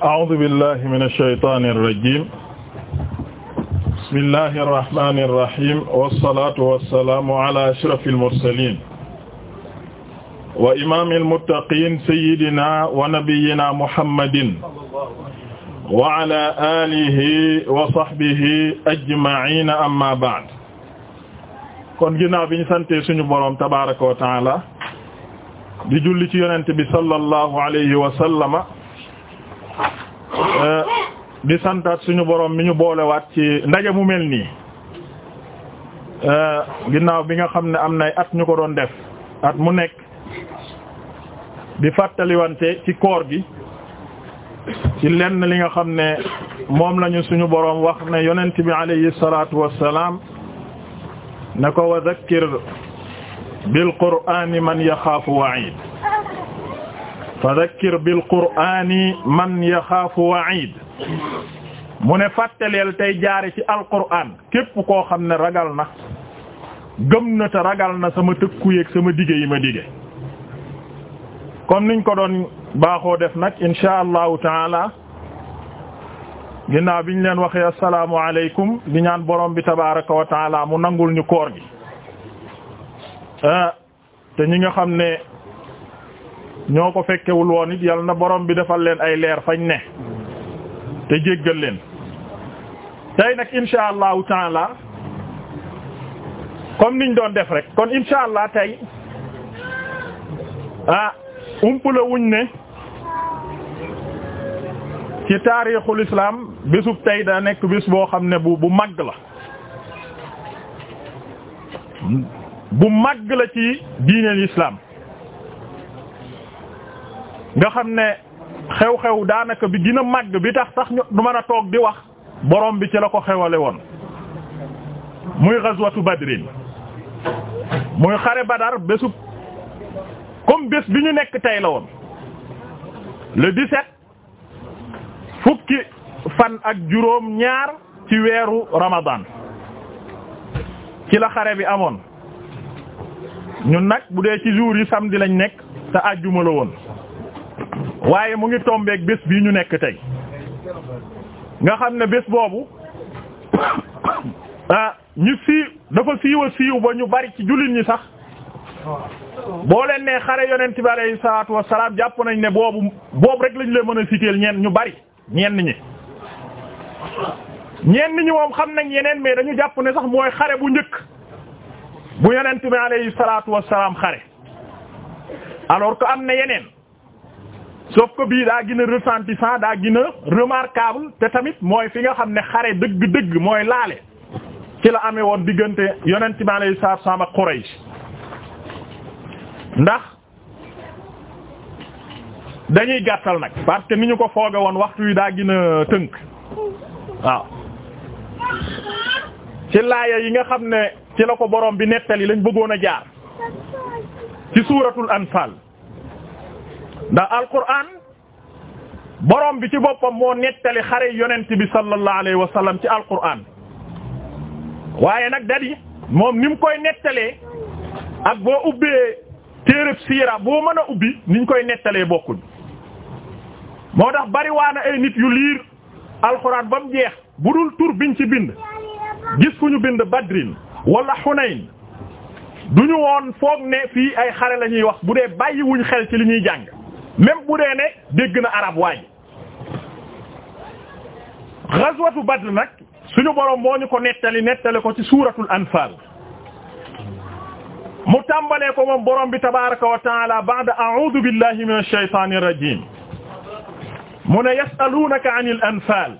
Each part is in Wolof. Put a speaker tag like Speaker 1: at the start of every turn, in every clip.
Speaker 1: a'uuzu billaahi mina shaytaani rajiim bismillaahi rahmaani rahiim wassalaatu wassalaamu alaa ashrafil mursaliin wa imaamil muttaqiin sayyidinaa wa nabiyyinaa muhammadin wa alaa aalihi wa sahbihi ajma'iin ammaa ba'd kon ginnaaw bi ñu sante suñu boroom tabaaraka wa ta'aala di julli ci yonent bi sallallahu alayhi wa sallama Euh, di santaat suñu boroom mi ñu boolewaat ci ndaje mu mel nii euh, ginnaaw bi nga xam ne am nay at ñu ko doon def at mu nekk di fàttaliwante ci koor gi ci lenn li nga xam ne moom lañu suñu boroom wax ne yonent bi alayhi salaatu wassalaam ne ko wa dhakkir bil qur'aani man yaxaafu wa'iid fadakkir bil qur'aani man yaxaafu wa'iid mu ne fàttaleel tey jaare ci alqur'aan képp koo xam ne ragal na gëm na ragal na sama tëkku yeeg sama dige yi ma dige comme niñ ko doon baaxoo def nag insha allahu taala ginnaaw biñ leen waxee assalaamu alaykum di ñaan borom bi tabaaraka wa taala mu nangul ñu koor gi ah, te ñi nga xam ne ñoo ko fekkewul woon it yal na borom bi defal leen ay leer fañ ne te jéggal leen tey nag insha allahu taala comme niñ doon def rek kon insha allah tey ah umpula wuñ ne ci taarixul islam bésub tey da nekk bés boo xam ne bu bu màgg la bu màgg la ci diineel lislaam nga xam ne xew-xew daanaka bi gën a màgg bi tax tax du mën a toog di wax borom bi ci la ko xewale woon muy ghazwatu badrin muy xare badar bésub comme bés bi ñu nekk tey la woon le 17 fukki fan ak juróom ñaar ci weeru ramadan ci la xare bi amoon ñun nag bu dee ci jour yi samedi lañ nekk te àjjuma la woon waaye mu ngi tombeek bés bi ñu nekk tey nga xam ne bés boobu ah ñu siiw dafa siiwa siiw ba ñu bari ci jullit ñi sax boo leen ne xare yonent bi alayhi salaatu wassalaam jàpp nañ ne boobu boobu rek lañ leen mën a citer ñeen ñu bari ñenn ñi ñenn ñi moom xam nañ yeneen mais dañu jàpp ne sax mooy xare bu njëkk bu yonent bi alayhi salaatu wassalaam xare alors que am na yeneen sauf que bii daa gën a retentissant daa gën a remarquable te tamit mooy fi nga xam ne xare dëgg-dëgg mooy laale ci la amee woon diggante yonent bi alayhi salaatu sama ak ndax dañuy gàttal nag parce que ni ñu ko fooge woon waxtu yi daa gën a tënk waaw ci laaya yi nga xam ne ci la ko boroom bi nettali lañ bëggoon a jaar ci suuratul anfaal ndax alquran borom bi ci boppam moo nettali xare yonent bi sallallahu alayhi wa sallam ci alquran waaye nag dadi moom ni mu koy nettalee ak boo ubbee téereb siira boo mën a ubbi ni ñu koy nettalee bokkul moo tax bariwaana ay nit yu liir alxuraan ba mu jeex bu dul tur biñ ci bind gis fu ñu bind badrin wala xunayn du ñu woon foog ne fii ay xare lañuy wax bu dee bàyyi xel ci li ñuy jàng même bu dee ne dégg na arab waaj ghazwatu Badr nag suñu borom moo ñu ko nettali nettali ko ci suuratul anfaal mu tàmbalee ko moom borom bi tabaaraka wa ta'aala ba'da a'uudu billahi minash shaytaanir rajiim mu ne yas'aluunaka 'anil anfaal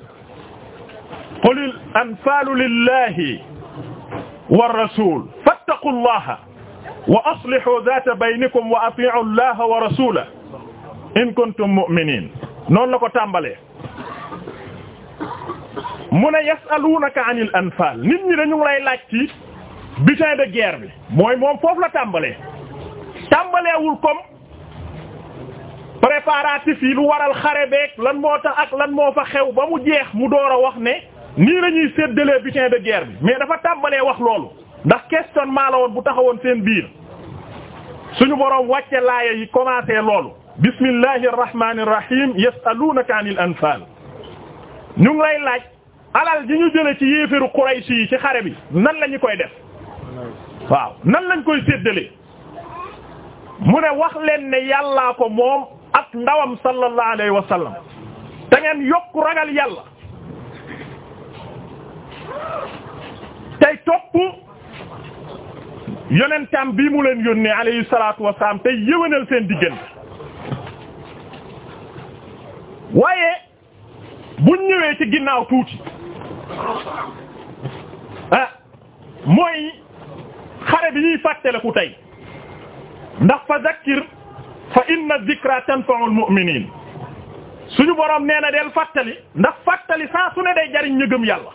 Speaker 1: qulil anfaalu lillahi war rasuul fattaqullaha wa aslihuu zaata baynikum wa atii'u allaha wa rasuulahu in kuntum mu'minin noonu la ko tàmbalee mu ne yasalunaka anil anfal nit ñi dañu ngi lay laaj ci butin de guerre bi mooy moom foofu la tàmbalee tàmbaleewul comme préparatifs yi lu waral xare beeg lan moo tax ak lan moo fa xew ba mu jeex mu door a wax ne nii lañuy ñuy séddalee butin de guerre bi mais dafa tàmbalee wax loolu ndax questionnement la woon bu taxawoon seen biir suñu boroom wàcce laaya yi commencé loolu bismillahi arrahmani irrahim yasaluunaka an il ñu ngi lay laaj alal ji ñu jële ci yéeféru Quraysh yi ci xare bi nan lañu koy def waaw nan lañ koy séddale mu ne wax leen ne yàllaa ko moom ak ndawam sallallahu alayhi wa sallam da ngeen yokku ragal yàlla tey topp yonentam bi mu leen yónnee alayhi salatu wasalaam tey yëwénal seen diggante waaye buñ ñëwee ci ginnaaw tuuti ah mooy xare bi ñuy fàttaliku tey ndax fa zakkir fa inna dhikra tanfa'ul mu'minin suñu borom nee na del fàttali ndax fàttali saa su ne day jariñ ñëgëm yàlla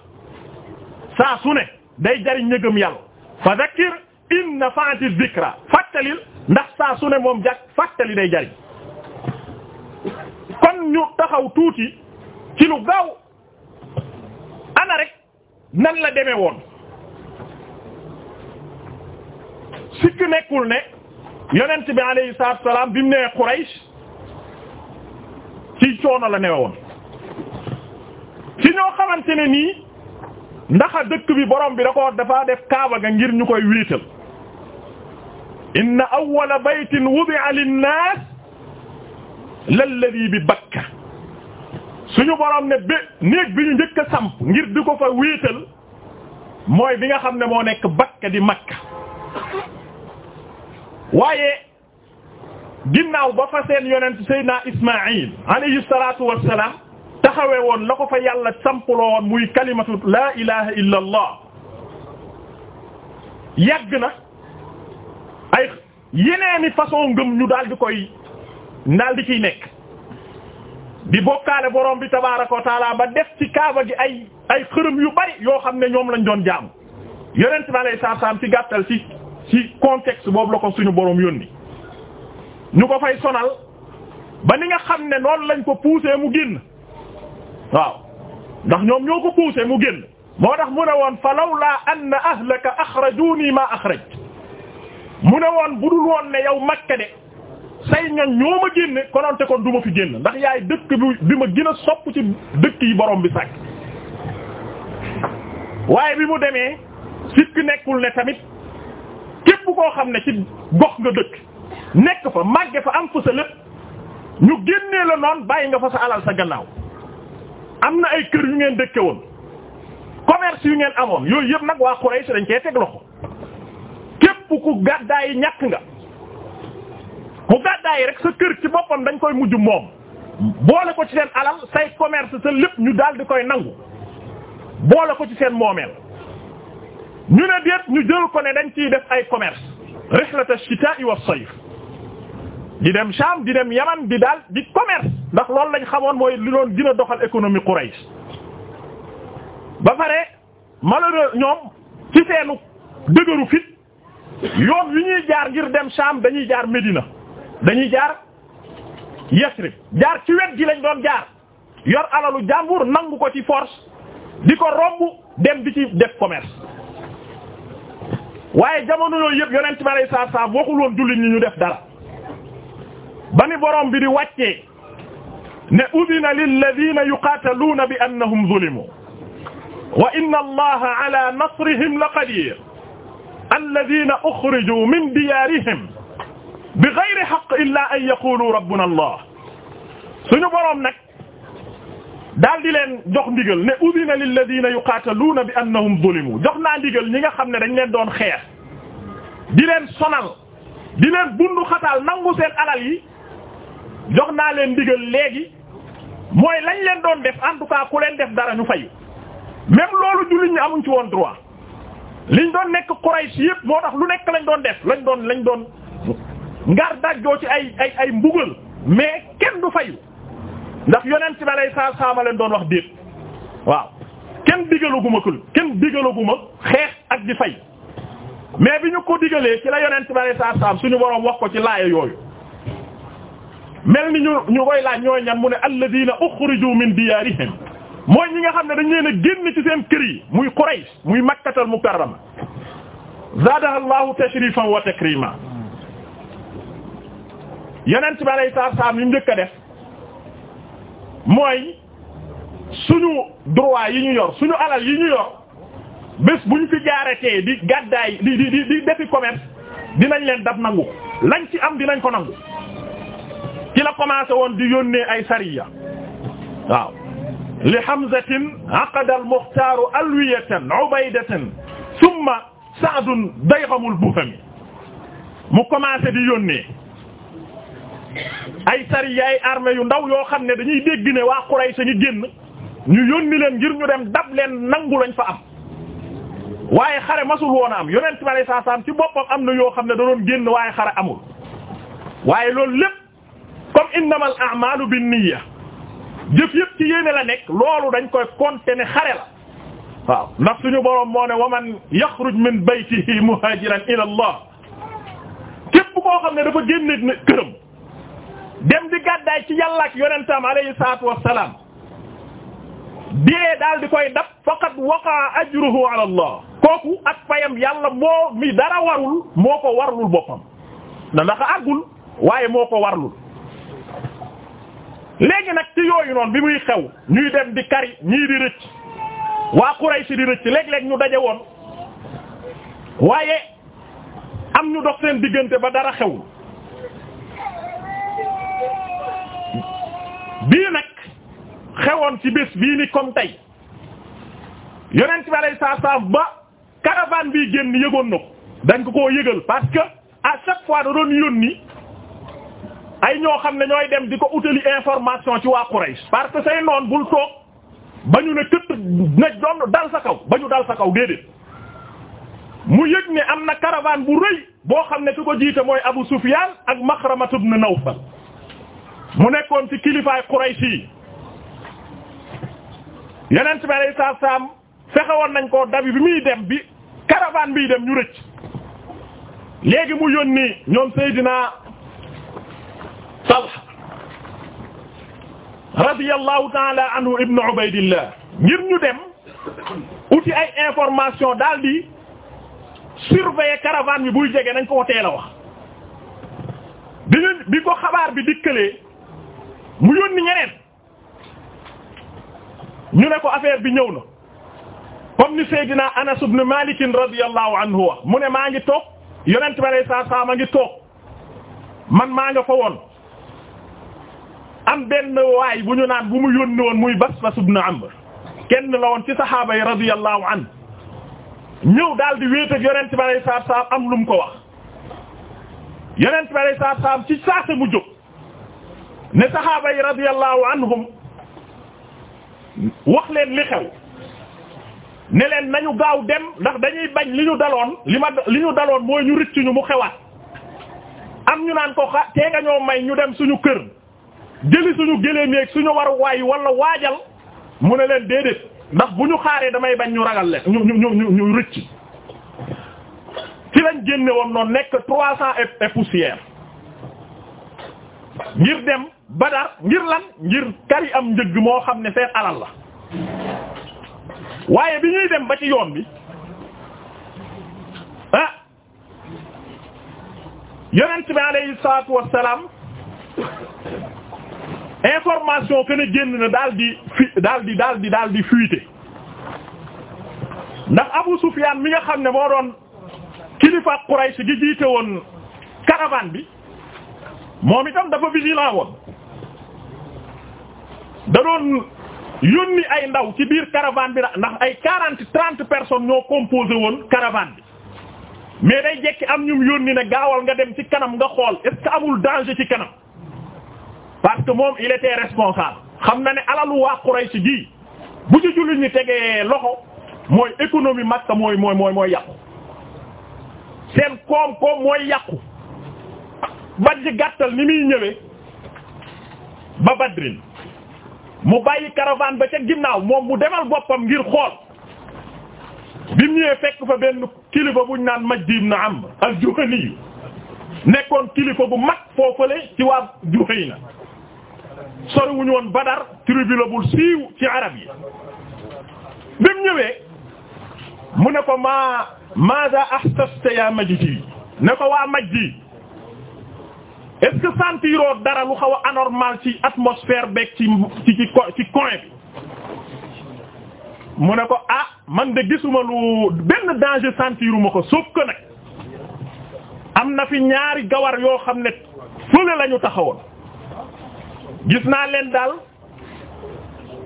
Speaker 1: saa sune ne day jariñ ñëgëm yàlla fa zakkir inna fa'ati dhikra fàttalil ndax saa su ne moom jàkk fàttali day jariñ ñu taxaw tuuti ci lu gaaw ana rek nan la demee woon sikk nekkul ne yonent bi alayhi salaatu wa salaam bi mu nee Quraysh ci coono la newe woon ci ñoo xamante ne nii ndax dëkk bi borom bi da ko dafa def kaaba ga ngir ñu koy wiital inna awwala baytin wudi'a lin-nas lalladi bi bakka suñu borom ne bé néeg bi ñu njëkk samp ngir di ko fa wéetal mooy bi nga xam ne moo nekk bakka di makka waaye ginnaaw ba fa seen yonent Seydina Ismaïl alayhi salaatu wassalaam taxawee woon la ko fa yàlla sampuloo woon muy kalimatu laa ilaha illa allah yàgg na ay yeneeni façon ngëm ñu daal di koy ndaal di ciy nekk di bokkaale boroom bi tabaaraka wa taala def ci kaaba gi ay ay xërëm yu bari yoo xam ne ñoom lañ doon jaamu yonent bi lay salaatu salaam ci gàttal ci ci contexte boobu la ko suñu borom yónni ñu ko fay sonal ba ni nga xam ne noonu lañ ko pousser mu génn waaw ndax ñoom ñoo ko pousser mu génn moo tax mu ne woon fa lawlaa anna ahlaka axrajuunii maa axraj mu ne woon budul woon ne yow Makka de say ñoñ ñoo ma génne kononte kon du ma fi génn ndax yaay dëkk bi bi ma gën a sopp ci dëkk yi borom bi sàkk waaye bi mu demee ki nekkul ne tamit képp koo xam ne ci gox nga dëkk nekk fa màgge fa am fa sa lépp ñu génnee la noon bàyyi nga fa sa alal sa gannaaw am na ay kër yu ngeen dëkke woon commerce yu ngeen amoon yooyu yëpp nag waa Quraysh dañ cee teg loxo képp ku gàddaay ñàkk nga ku gàddaay rek sa kër ci boppam dañ koy mujj moom boole ko ci seen alal say commerce sa lépp ñu daal di koy nangu boole ko ci seen moomeel ñu ne déet ñu jël ko ne dañ ciy def ay commerce rihlata shitaa'i wa sayf di dem Sham di dem Yaman di daal di commerce ndax loolu lañ xamoon mooy li doon gën doxal économie Quraysh ba pare malheureux ñoom ci seenu dëgëru fit yoon wi ñuy jaar ngir dem Sham dañuy jaar Médina dañuy jaar Yasrib jaar ci wet gi lañ doon jaar yor alalu jàmbur nangu ko ci force di ko romb dem bi ci def commerce waaye jamono yooyu yëpp yonent ba lay saab saab waxul woon jullit ñi ñu def dara ba ni borom bi di wàccee ne udina lilladina yuqaataluuna bi annahum zulimu wa inna allaha ala nasrihim la qadir alladina uxrijuu min diyaarihim bi ghayri haqq illa an yaqulu rabbuna allah suñu boroom nag daal di leen jox ndigal ne udina lilladina yuqaataluuna bi annahum zulimu jox naa ndigal ñi nga xam ne dañ leen doon xeer di leen sonal di leen bundu xataal nangu seen alal yi jox naa leen ndigal léegi mooy lañ leen doon def en tout cas ku leen def dara ñu fayu même loolu jullit ñu amuñ ci woon droit liñ doon nekk Quraysh yépp moo tax lu nekk lañ doon def lañ doon lañ doon ngar dajjoo ci ay ay ay mbugal mais kenn du fayu ndax yonent bi alay saa saama leen doon wax déet waaw kenn digalaguma kël kenn digalaguma xeex ak di fay mais bi ñu ko digalee ci la yonent bi alay saa saam suñu boroom wax ko ci laaya yooyu mel ni ñu ñu koy laaj ñooy ñan mu ne alladina ukhriju min diyarihim mooy ñi nga xam ne dañ leen a génn ci seen kër yi muy Quraysh muy makkatal mukarrama zaadaha allahu tashrifan wa takrima yeneen ci balay saar saam yu njëkk a def mooy suñu droit yi ñu yor suñu alal yi ñu yor bés bu ñu fi jaaretee di gàddaay di di di di defi dinañ leen dab nangu lañ ci am dinañ ko nangu kila la woon di yónnee ay sariya waaw li hamzatin aqada al mukhtar alwiyatan ubaydatan thumma sa'dun dayqamul buhami mu commencé di yónnee ay sariya ay yu ndaw yoo xam ne dañuy dégg ne waa Quraysh ñu génn ñu yónni leen ngir ñu dem dab leen nangu lañ fa am waaye xare masul woon a am yonent bi alayhi salaam ci boppam am na yoo xam ne da doon génn waaye xare amul waaye loolu lépp ma innamal a'malu binniyya jëf yëpp ci yéene la nekk loolu dañ koy compter ne xare la waaw ndax suñu boroom moo ne waman yaxruj min baytihi muhajiran ila allah képp koo xam ne dafa génne këram dem di gàddaay ci yàlla ak yonentam alayhi salaatu wassalaam dee daal di koy dab faqad waqa ajruhu ala allah kooku ak payam yàlla moo mi dara warul moo ko warlul boppam na ndax àggul waaye moo ko warlul léegi nag ci yooyu noonu bi muy xew ñuy dem di kari ñii di rëcc waa Quraysh di rëcc léeg-léeg ñu daje woon waaye am ñu dox seen diggante ba dara xewul bii nag xewoon ci bés bii ni comme tey yonent bi alayhi salaam ba caravane bii génn yëgoon na ko dañ ko koo yëgal parce que à chaque fois da doon yónni ay ñoo xam ne ñooy dem di ko utali information ci waa Quraysh parce que say noon bul toog ba ñu ne këtt na doon dal sa kaw ba ñu dal sa kaw déedéet mu yëg ne am na caravane bu rëy boo xam ne ki ko jiite mooy Abu Sufyan ak Makhramatu ibn Nawfal mu nekkoon ci kilifaay Quraysh yi yeneen bi alei saatu salaam fexewoon nañ koo dabi bi muy dem bi caravane bi dem ñu rëcc léegi mu yónni ñoom Seydina Talha radiyallahu taala anhu ibn Ubaydillah ngir ñu dem uti ay information daal di surveiller caravane bi buy jege nañ ko teel wax bi ñu bi ko xabaar bi dikkalee mu yónni ñeneen ñu ne ko affaire bi ñëw na comme ni Seydina Anas ibn Malik radiyallahu anhu wa mu ne maa ngi toog yonent bi alayhi salaam a ngi toog man maa nga fa woon am benn waay bu ñu naan bu mu yónni woon muy Basbas ibn Amr kenn la woon ci saxaaba yi radiyallahu anhu ñëw daal di wéet yonent bi alayhi salaam am lu ko wax yonent bi alayhi salaam ci saase mu jóg. ne saxaaba yi radiyallahu anhum wax leen li xew ne leen nañu gaaw dem ndax dañuy bañ li ñu daloon li ma li ñu daloon mooy ñu rëcc ñu mu xewaat am ñu naan ko xa tee nga ñoo may ñu dem suñu kër jëli suñu géléem yeeg suñu waruwaay yi wala waajal mu ne leen déedéet ndax bu ñu xaaree damay bañ ñu ragal leen ñu ñu ñu ñu rëcc ci lañ génne woon noonu nekk trois cents et poussière ngir dem. badar ngir lan ngir kari am njëgg moo xam ne seen alal la waaye bi ñuy dem ba ci yoon bi ah yonent bi alayhi salaatu wassalaam information que ne génn na daal di fi daal di daal di fuité ndax Abu Sufyan mi nga xam ne moo doon kilifa Quraysh gi jiite woon caravane bi moom itam dafa vigilant woon da doon yónni ay ndaw ci biir caravane bi ndax ay quarante trente personnes ñoo composé woon caravane bi mais day jekki am ñum yónni ne gaawal nga dem ci kanam nga xool est-ce amul danger ci kanam parce que moom il était responsable xam na ne alalu waa Quraysh gi bu ci jullit ñi tegee loxo mooy économie Makka mooy mooy mooy mooy yàqu seen koom-koom mooy yàqu bajj gàttal ni muy ñëwee ba Badrin mu bàyyi caravane ba ca ginnaaw moom mu demal boppam ngir xool bi mu ñëwee fekk fa benn kilifa buñ naan Majdi ibn Amr al-Juhani nekkoon kilifa bu mag foofale ci waa Juhayna soriwuñ woon Badar tribu bu siiw ci arab yi bi mu ñëwee mu ne ko maa maada ahsasta ya Majdi ne ko waa Majdi est-ce dara lu xaw a anormal ci atmosphère beeg ci ci ci ci coin bi mu ne ko ah man de gisuma lu benn danger santiruma ko sauf que nag am na fi ñaari gawar yoo xam ne fële lañu ñu taxawoon gis naa leen daal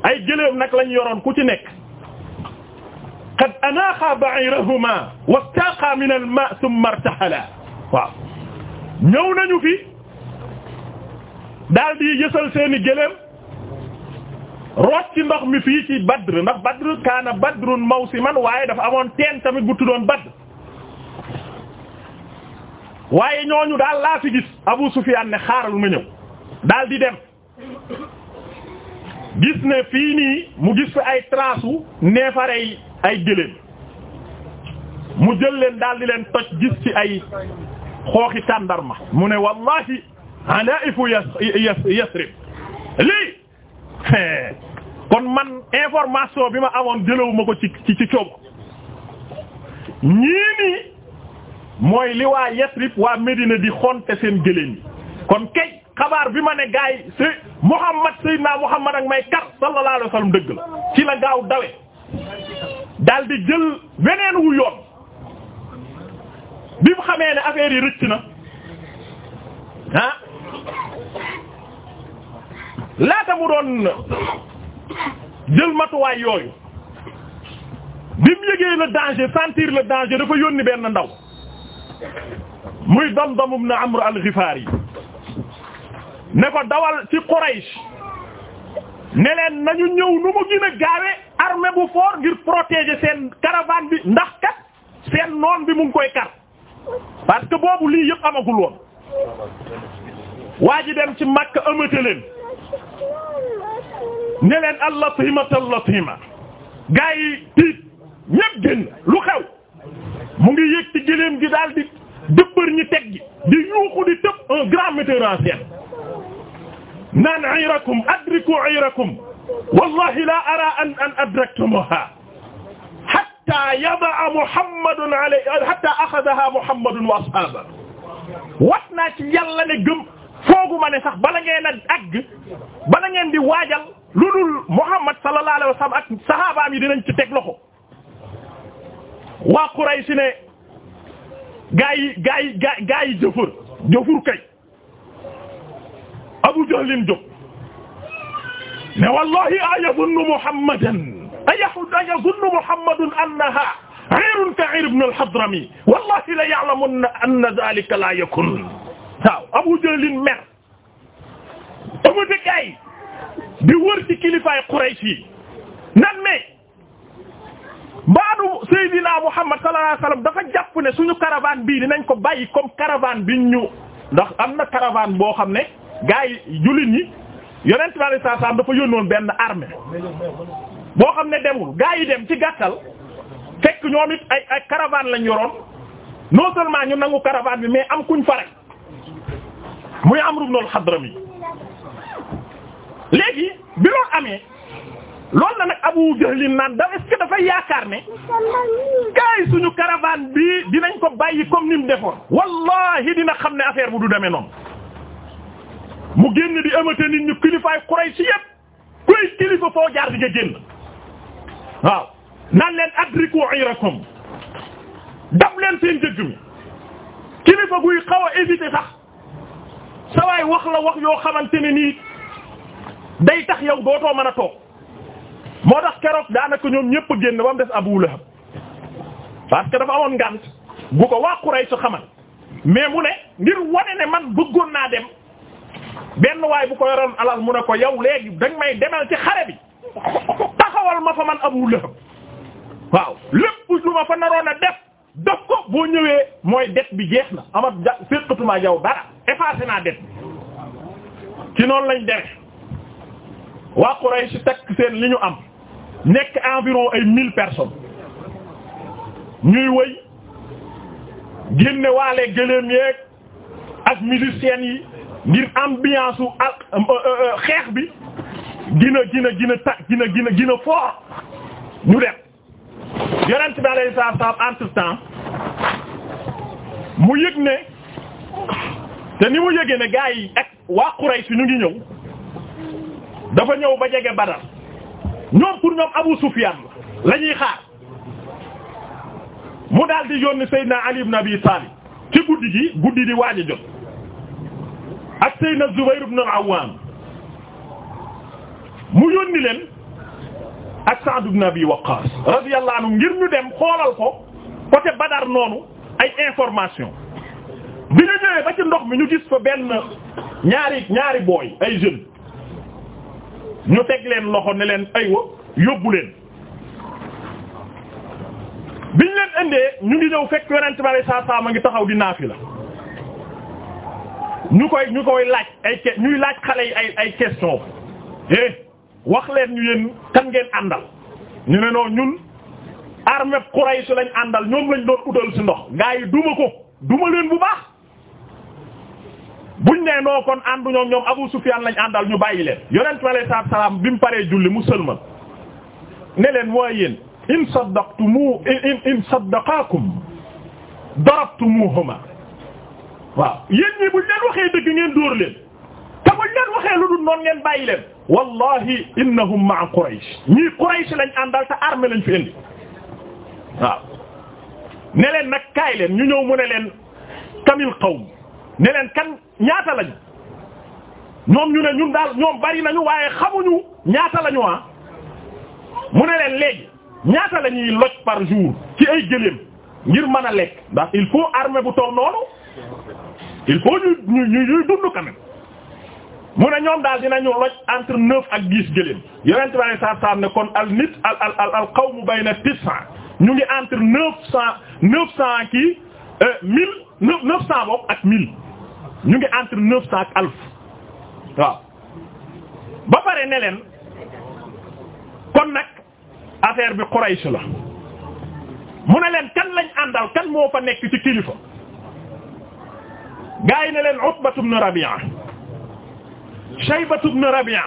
Speaker 1: ay gëléem nag lañu yoroon ku ci nekk qad anaaqa ba'irahuma wastaaqa min al ma' thumma waaw ñëw nañu fi daal di yësal seeni gëléem root ci ndox mi fii ci Badr ndax Badr kaana Badrun mawsiman waaye dafa amoon teen tamit bu tuddoon Badr waaye ñooñu daal laa fi gis Abu Sufyaan ne xaaral ma ñëw daal di dem gis ne fii nii mu gis fi ay traasu neefare neefarey ay gëléem mu jël leen daldi di leen toj gis ci ay xooxi tàndarma mu ne wallahi alaifu yasrib lii kon man information bi ma amoon jëlawuma ko ci ci ci coob ñii nii mooy li waa yasrib waa Medina di xonte seen gëléen yi kon kay xabaar bi ma ne gaay si Muhammad sayyidina Muhammad ak may kar sallallahu alayhi wasallam dëgg la ci la gaaw dawe daal jël weneen wu yoon bi mu xamee ne affaire yi na ah laata mu doon jël matuwaay yooyu bi mu yëgee le danger sentir le danger dafa yónni benn ndaw muy Damdam ibn Amr al-Ghifari ne ko dawal ci Quraysh ne leen nañu ñëw nu mu gën a gaawe armée bu fort ngir protéger seen caravane bi ndax kat seen noon bi mu ngi koy kar parce que boobu lii yëpp amagul woon waa ji dem ci Makka amate leen ne leen allatimatal latima gaa yi tiit ñépp génn lu xew mu ngi yëg ci gëléem gi daal di dëppër ñi teg gi di yuuxu di tëb un grand metteur en scène naan ayrakum adriku ayrakum wallahi la ara an an adraktumuha hatta yada'a muhammadun alayha hatta akhadhaha muhammadun wa ashabuhu wat naa ci yàlla ne gëm fooguma ne sax bala ngeen a àgg bala ngeen di waajal lu dul Muhammad sallallahu alayhi wa sallam ak sahabaam yi dinañ ci teg loxo waa Quraysh ne gaa yi gaa yi gaa gaa yi jëfër jëfur kay Abu Jahlin jóg ne wallahi ayazunnu Muhammadan ayazunnu Muhammadun annaha ghayrun ka'ir ibn al-Hadrami wallahi la ya'lamunna anna dhalika la yakun waaw Abu Jahlin mer ëmatëkaay di wër ci kilifaay Quraysh yi nan mais mbaadu Seydina Muhammad sallallahu alayhi wasallam dafa jàpp ne suñu karabaan bii dinañ ko bàyyi comme caravane bi ñu ndax am na caravane boo xam ne gars yi jullit ñi yonent bi sallallahu alayhi dafa yónnoon benn armée boo xam ne demul gars yi dem ci gàttal fekk ñoom it ay ay caravane lañ yoroon non ñu nangu caravane bi mais am kuñ fare muy Amru ibn al-Hadrami léegi bi loolu amee loolu la nag Abu naan da est-ce que yaakaar ne kay suñu caravane bi dinañ ko bàyyi comme ni mu defoon wallahi dina xam ne affaire bu du demee noonu mu génn di amate nit ñu kilifaay Quraysh yépp kuy kilifa foo jaar di nga génn waaw naan leen adriku irakum dab leen seen jëgg mi kilifa guy xaw a éviter sax sawaay wax la wax yoo xamante ne nii day tax yow dootoo mën a toog moo tax keroog daanaka ñoom ñépp génn ba mu des Abu Lahab parce que dafa amoon ngant gu ko waa Quraysh xamal mais mu ne ngir wane ne man bëggoon naa dem benn waay bu ko yoroon alal mu ne ko yow léegi dañ may demal ci xare bi taxawal ma fa man Abu Lahab waaw lépp lu fa naroon a def def ko boo ñëwee mooy det bi jeex na amat ja féqatuma yow dara effacé naa det ci noonu lañ dere waa Quraysh takk seen li ñu am nekk environ ay mille personnes ñuy wëy génne waale gëléem yeeg ak musiciens yi ngir ambiance u ak euh, euh, euh, xeex bi gina gina gina ta gina gina gina fort ñu dem yonent bi alayhi salaatu salaam entre temps mu yëg ne te ni mu yëgee ne gaa yi ak waa Quraysh ñu ngi ñëw dafa ñëw ba jege Badar ñoom pour ñoom Abu Sufyan la ñuy xaar mu daal di yónni Seydina Ali ibn Abi Talib ci guddi gi guddi di waaj a jot ak Seydina Zubayr ibn Awwam mu yónni leen ak Sa'd na Abi Waqqas radiyallahu anhu ngir ñu dem xoolal ko côté Badar noonu ay information bi ñu ñëwee ba ci ndox mi ñu gis ko benn ñaari ñaari booy ay jeunes ñu teg leen loxo ne leen aywa yóbbu leen biñ leen indee ñu ngi ñëw fekk yonent bari saa saa ma ngi taxaw di la ñu koy ñu koy laaj ay ke ñuy laaj xale yi ay ay question eh wax leen ñu yéen kan ngeen àndal ñu ne noonu ñun armée Quraysh lañ àndal ñoom lañ doon utal si ndox gaa yi duma ko duma leen bu baax bu ne noo kon ànduñoo ñoom Abu Sufyan lañ àndal ñu bàyyi leen yonent bi alayhi salaatu salaam bi mu paree julli mu sëlman ne leen waaye yéen in saddaqtumu in in saddaqaakum darabtumuhuma waaw yéen ñii buñ leen waxee dëgg ngeen dóor leen te buñ leen waxee lu dul noonu ngeen bàyyi leen wallahi innahum ma'a Quraysh ñii Quraysh lañ àndal te armée lañ fi indi ne leen nag leen ñu ñëw mu ne leen kamil qawm ne ñaata lañu ñoom ñu ne ñun daal ñoom bari nañu waaye xamuñu ñaata lañu ah mu ne leen léegi ñaata lañuy ñuy loj par jour ci ay gëléem ngir mën a lekk ndax il faut armée bu toll noonu il faut ñu ñu ñuy dund quand mu ne ñoom daal dinañu loj entre neuf ak gis gëléem yonent bi alayhi salaatu salaam ne kon al nit al al al al qawmu bayna tis'a ñu ngi entre neuf cent neuf cent kii euh, mille neuf cent bopp ak mille ñu ngi entre neuf alf waaw ba pare leen kon nag affaire bi Quraysh mu ne leen kan lañ àndal kan moo fa nekk ci kilifa gaa yi ne leen Utba ibn Rabi'a Shayba ibn Rabi'a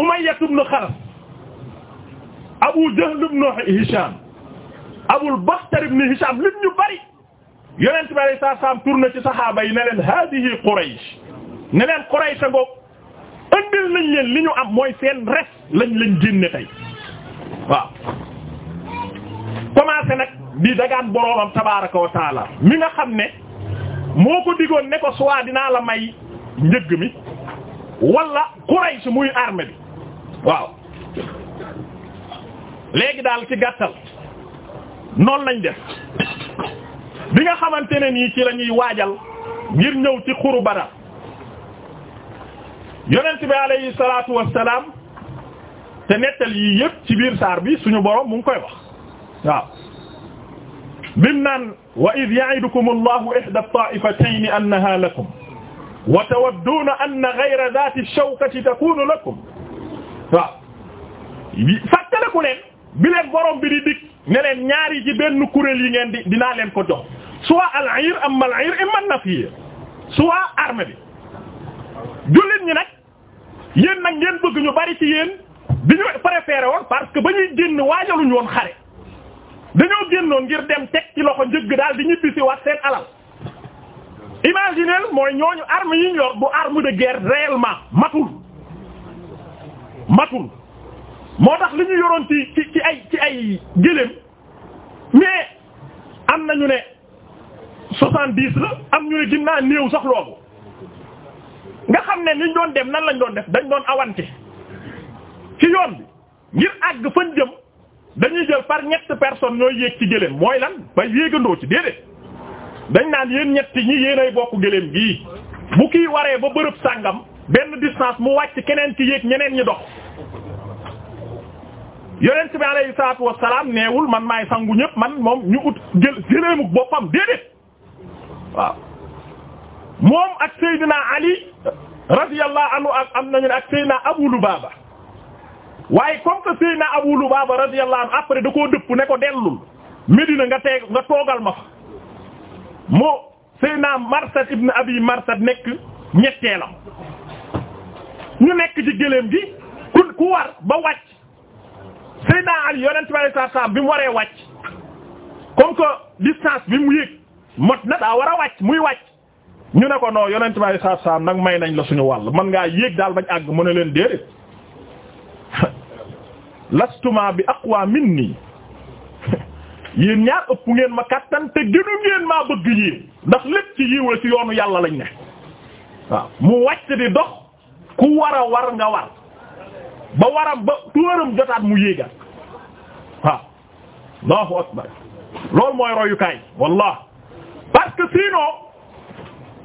Speaker 1: Umayya ibn Khalaf Abu Jahl ibn Hisham Abul Bakhtar ibn Hisham nit bari yonent bi alayhi salaam tourné ci saxaaba yi ne leen hadihi Quraysh ne leen Quraysh a ngoog ëndil nañ leen li ñu am mooy seen res lañ lañ génne tey waaw commencé nag di dagaan boroomam tabaaraka wa mi nga xam ne moo ko digoon ne ko soit dinaa la may njëgg mi wala Quraysh muy armée bi waaw léegi daal ci gàttal noonu lañ def bi nga xamante ne nii ci la ñuy waajal ngir ñëw ci xuru Badar yonent bi alayhi salaatu wassalaam te nettal yii yëpp ci biir saar bi suñu borom mu ngi koy wax waaw bim naan wa id ya'idukum allahu ihda at-ta'ifatayn annaha lakum wa tawadduuna anna ghayra dhati ash-shawkati takunu lakum waaw fàttaliku leen bi leen borom bi di dig ne leen ñaari ci benn kuréel yi ngeen di dinaa leen ko jox soit al-ayr am al-ayr na nafir soit arme bi jullit ñi nag yéen nag ngeen bëgg ñu bari ci yéen bi ñu préféré woon parce que ba ñuy génn waajaluñu woon xare dañoo génnoon ngir dem teg ci loxo njëgg daal di ñibbisi wax seen alal imaginez mooy ñooñu arme yi ñu yor bu arme de guerre réellement matul matul moo tax li ñu yoroon ci ci ay ci ay gëléem mais am nañu ne soixante-dix la am ñu ne gin naa néew sax loolu nga xam ne liñ doon dem nan lañ doon def dañ doon awante ci yoon bi ngir àgg fan jëm dañuy jël par ñett personnes ñooy yéeg ci gëléem mooy lan ba yéegandoo ci déedéet dañ naan yéen ñett ñi yéenay bokk gëléem gii bu kii waree ba bërëb sàngam benn distance mu wàcc keneen ki yéeg ñeneen ñi dox yonent bi alayhi salaatu wassalaam neewul man maay sangu ñëpp man moom ñu ut gël gëléemuk boppam déedéet waaw moom ak Seydina Ali radiyallahu anhu ak am nañu ne ak Seydina Abu Lubaba waaye comme que Seydina Abu Lubaba radiyallahu anhu après da koo dëpp ne ko dellul Medina nga tee nga toogal ma fa moo Seydina Marsad ibn Abi Marsad nekk ñetteelam ñu nekk ci gëléem gi ku ku war ba wàcc Seydina Ali yonent bi sallallahu alayhi wasallam bi mu waree wàcc comme que distance bi mu yéeg mot na daa war a wàcc muy wàcc ñu ne ko non yonent bi alayhi salaatu nag may nañ la suñu wàll man ngaa yéeg daal bañ àgg mu ne leen déedéet lastuma bi aqwa minni yéen ñaar ëpp ngeen ma kattan te gënu ngeen maa bëgg yiw ndax lépp ci yiw la ci yoonu yàlla lañ ne waaw mu wàcc di dox ku war a war nga war ba waram ba tuuram jotaat mu yéegal waaw Allahu mooy royukaay wallah parce que sinon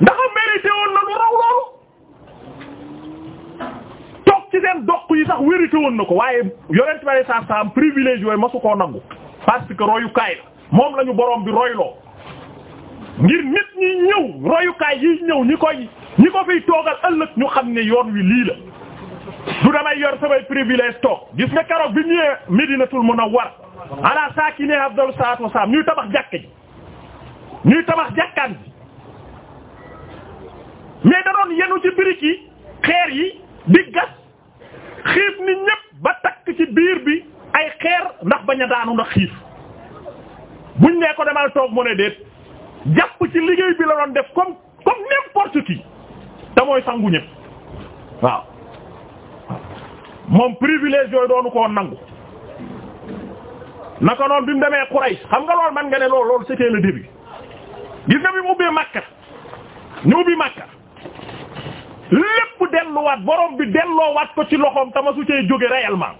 Speaker 1: ndax mérité woon na lu raw loolu toog ci seen doq yi sax wérité woon na ko waaye yonent bi alayhi salaatu salaam privilège yooyu masu koo nangu parce royukaay la moom lañu borom bi royloo ngir nit ñi ñëw royukaay yi ñëw ñi koy ñi ko fiy toogal ëllëg ñu xam ne yoon wi lii la du damay yor samay privilège toog gis nga keroog bi ñëwee Medinatul Munawwar ala saakinihaa afdalu salaatu wa salaam ñuy tabax jàkka ji ñuy tabax jàkkaan bi mais da yenu ci briques yi xeer yi di gas xiif ni ñépp ba takk ci biir bi ay xeer ndax bañ a daanu ndax xiif buñ nee ko demal toog mu ne déet jàpp ci liggéey bi la doon def comme comme n'importe qui te mooy sangu ñépp waaw moom privilège doonu ko nangu naka noon bi mu demee Quraysh xam nga lool man nga ne loolu loolu c'était le début gis nga bi mu ubbee Makka ñu ubbi Makka lépp delluwaat borom bi delloowaat ko ci loxoom tama su cee jóge réellement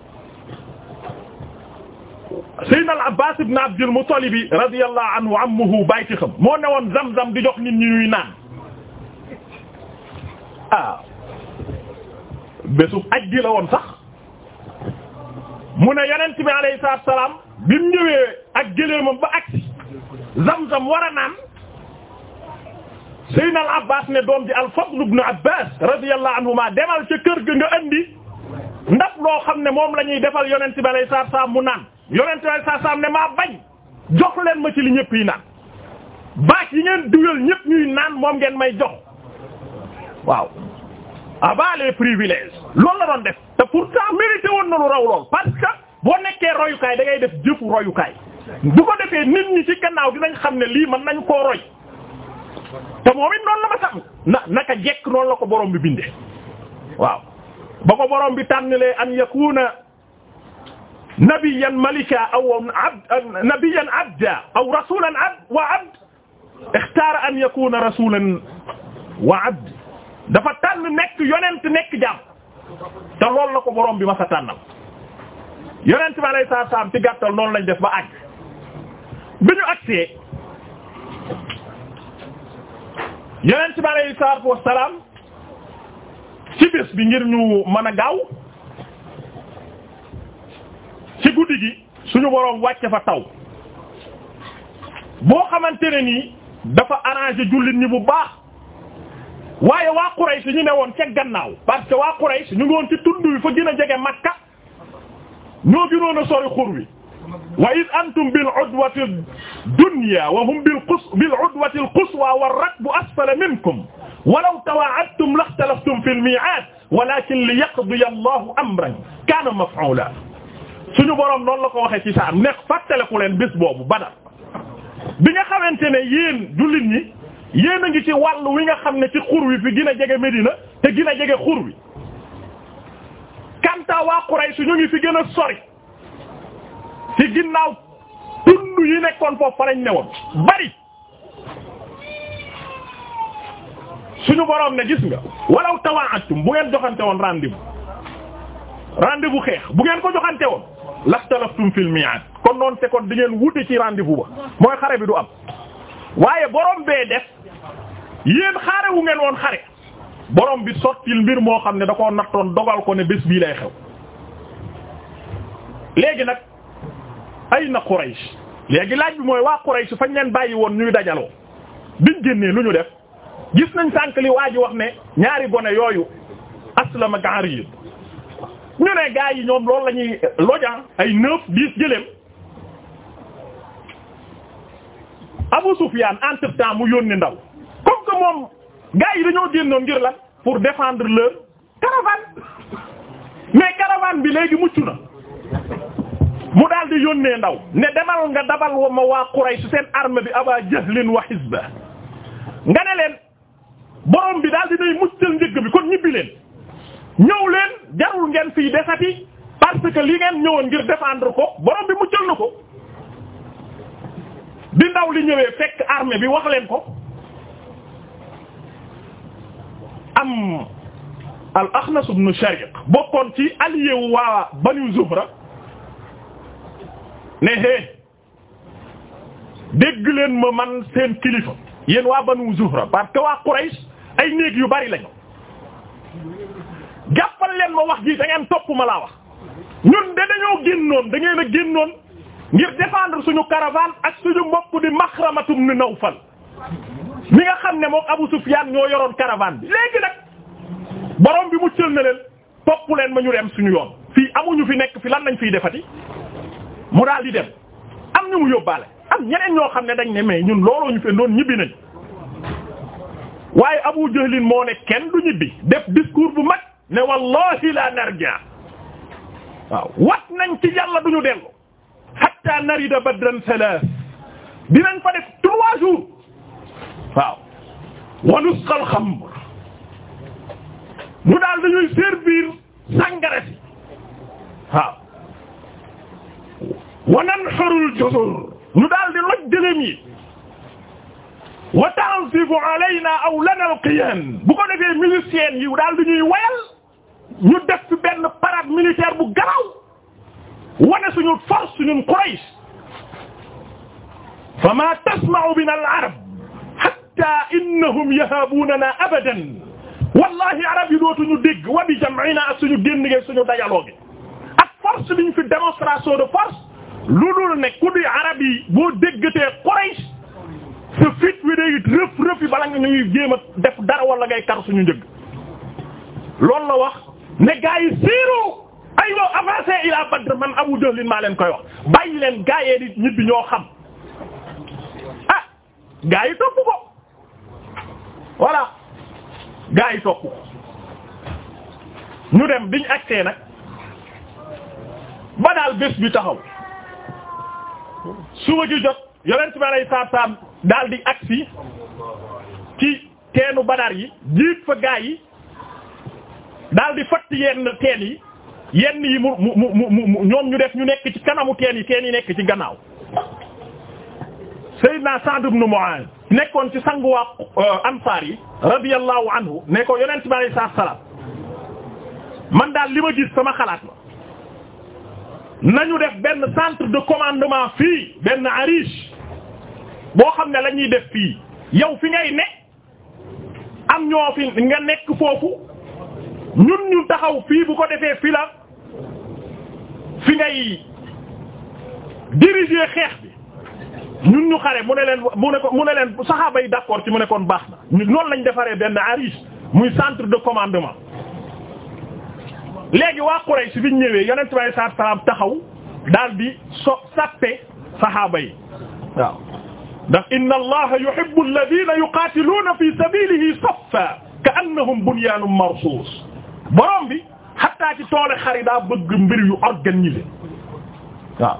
Speaker 1: Seydina al Abbas ibn Abdul Muttalib radiyallahu anhu ammuhu bayti xam moo newoon Zamzam di jox nit ñi ñuy naan ah bésu aj gi la woon sax mu ne yonent bi alayhi salaam bi mu ñëwee ak gëléemam ba agsi Zamzam war a naan Seydina al Abbas ne doom ji al Fadl ibn Abbas radiyallahu anhuma demal ca kër ga nga andi ndax loo xam ne moom la ñuy defal yonent bi alayhi salaatu mu naan yonent bi alayhi salaatu salaam ne maa bañ jox leen ma ci li ñëpp yi naan baac yi ngeen dugal ñëpp ñuy naan moom ngeen may jox waaw avant les privilèges loolu la doon def te pourtant mérité woon na lu raw lool parce que boo nekkee royukaay da ngay def jëfu royukaay bu ko defee nit ñi ci gannaaw dinañ xam ne lii mën nañ koo roy te moom it la ma na naka jekk noonu la ko borom bi bindee waaw ba ko borom bi tànnalee an yakuna nabiyan malika aw abd nabiyan abda aw rasulan abd wa abd ixtaara an yakuna rasulan wa abd dafa tànn nekk yonent nekk jaam te loolu la ko borom bi ma sa tànnal yonent bi alayhi salaam ci gàttal noonu lañ def ba àgg bi ñu agsee yonent bi alayhi salaatu wassalaam ci bi ngir ñu mën a gaaw ci guddi gi suñu boroom wàcce fa taw boo xamante ne nii dafa arrangé jullit ñi bu baax waaye waa Quraysh ñu ne woon ca gannaaw parce que waa Quraysh ñu ngi woon ci tund wi fa gën a jege Makka ñoo gënoon a sori xur wi wa id antum bil udwati dunya wa hum bil qus bil udwati al quswa war rakbu asfala minkum walaw tawa'adtum lakhtalaftum fil mi'ad walakin liyaqdiya Allahu amran kana maf'ula suñu borom noonu la ko waxee ci saa ne fàttaliku leen bés boobu Badar bi nga xamante ne yéen jullit ñi yéen a ngi ci wàll wi nga xam ne ci xur wi fi gën a jege Medina te gën a jege xur wi. Kanta waa Quraysh ñu ngi fi gën a sori ci ginnaaw tund yi nekkoon foofu fa lañ newoon bari suñu boroom ne gis nga walaw tawa'atum bu ngeen joxante woon rendez-vous rendez-vous xeex bu ngeen ko joxante woon laxtalaftum fil mi'ad kon noonu te kon di ngeen wuti ci rendez-vous ba mooy xare bi du am waaye boroom bee def yéen xare wu ngeen woon xare boroom bi sottil mbir moo xam ne da koo nattoon dogal ko ne bés bii lay xew léegi nag ay na Quraysh léegi laaj bi mooy waa Quraysh fañ leen bàyyi woon ñuy dajaloo biñ génnee lu ñu def gis nañ sànq li waa ji wax ne ñaari gone yooyu aslama gariib ñu ne gaa yi ñoom loolu la ñuy lojan ay neuf dix gëléem Abu Sufyaan entre temps mu yónni ndaw comme que moom gaa yi dañoo génnoon ngir la pour défendre leur caravane mais caravane bi léegi mucc na mu daal di yónnee ndaw ne demal nga dabal wa ma waa Quraysh seen arme bi Aba Jahlin wa hizba nga ne leen borom bi daal di day muccal njëgg bi kon ñibbi leen ñëw leen jarul ngeen fii desati parce que li ngeen ñëwoon ngir défendre ko borom bi muccal na ko di ndaw li ñëwee fekk armée bi wax leen ko am al Axnas ibn Shariq bokkoon ci allié waa Banu Zuhra ne hé dégg leen ma man seen kilifa yéen waa banu Zuhra parce que waa Quraysh ay néeg yu bari lañu jàppal leen ma wax ji da ngeen topp ma laa wax ñun de dañoo génnoon da a génnoon ngir défendre suñu caravane ak suñu mbokk di Maxramatum ni Nawfal mi nga xam ne moom Abu Sufyaan ñoo yoroon caravane bi léegi nag borom bi mu cël na leen topp leen ma ñu dem suñu yoon fii amuñu fi nekk fi lan lañ fiy defati mu daal di dem am ñu mu yóbbaale am ñeneen ñoo xam ne dañ ne mais ñun looloo ñu fendoon ñibbi nañ waaye Abu Jahlin moo ne kenn du ñibbi def discours bu mag ne wallahi la narja waaw wat nañ ci yàlla duñu dellu hatta narida badran salas dinañ fa def trois waaw wa nusqal xamr mu daal dañuy servir sangara si waaw wa nanxarul jusur ñu daal di loj gëléem yi wa ta'zifu alayna aw lana alqiyaan bu ko defee miliciens yi daal di ñuy wayal ñu def fi benn parade militaire bu garaw wane suñu force ñun Quraysh fa ma tasma'u min al-arab hatta innahum yahabunana wallahi arab yi dootuñu dégg wa bi jam'ina ak suñu génn gi suñu dajaloo gi ak force bi ñu fi démonstration de force lu dul ne ku di arab yi boo déggatee Quraysh sa fit wi day rëf rëf yi bala nga ñuy jéem a def dara wala ngay kar suñu njëg loolu la wax ne gaa yi siiru aywa avancé ila Badr man Abu Jahl maa leen koy wax bàyyi leen gaa yee di ñibbi ñoo xam ah gaa yi topp ko voilà gaa yi topp ko ñu dem biñ agsee nag ba daal bés bi taxaw suba ju jot yonent bi alayhi salaatu salaam daal di agsi ci teenu badar yi jiit fa gaa yi daal di fatt yenn teen yi yenn yi mu mu mu mu ñoom ñu def ñu nekk ci kanamu teen yi teen yi nekk ci gannaaw Seydina Sa'd ibn Mu'adh nekkoon ci sanguwaa euh, ansaar yi radiyallahu anhu ne ko yonent bi alayhi salaatu salaam man daal li ma gis sama xalaat la nañu def benn centre de commandement fii benn ariche boo xam ne lañuy def fii yow fi ngay ne am ñoo fi nga nekk foofu ñun ñu taxaw fii bu ko defee fii la fi ngay diriger xeex bi ñun ñu xare mu ne leen mu ne ko mu ne leen saxaaba yi d'accord ci mu ne kon baax na. ñu noonu lañ defaree benn ariche muy centre de commandement. léegi waa Quraysh bi ñu ñëwee yonent bi alayhi salaatu salaam taxaw daal di so sappe saxaaba yi waaw ndax inna allaha yuhibbu alladhina yuqatiluuna fi sabilihi saffa ka'annahum bunyaanun marsuus borom bi xataa ci toole xar yi daa mbir yu organisé waaw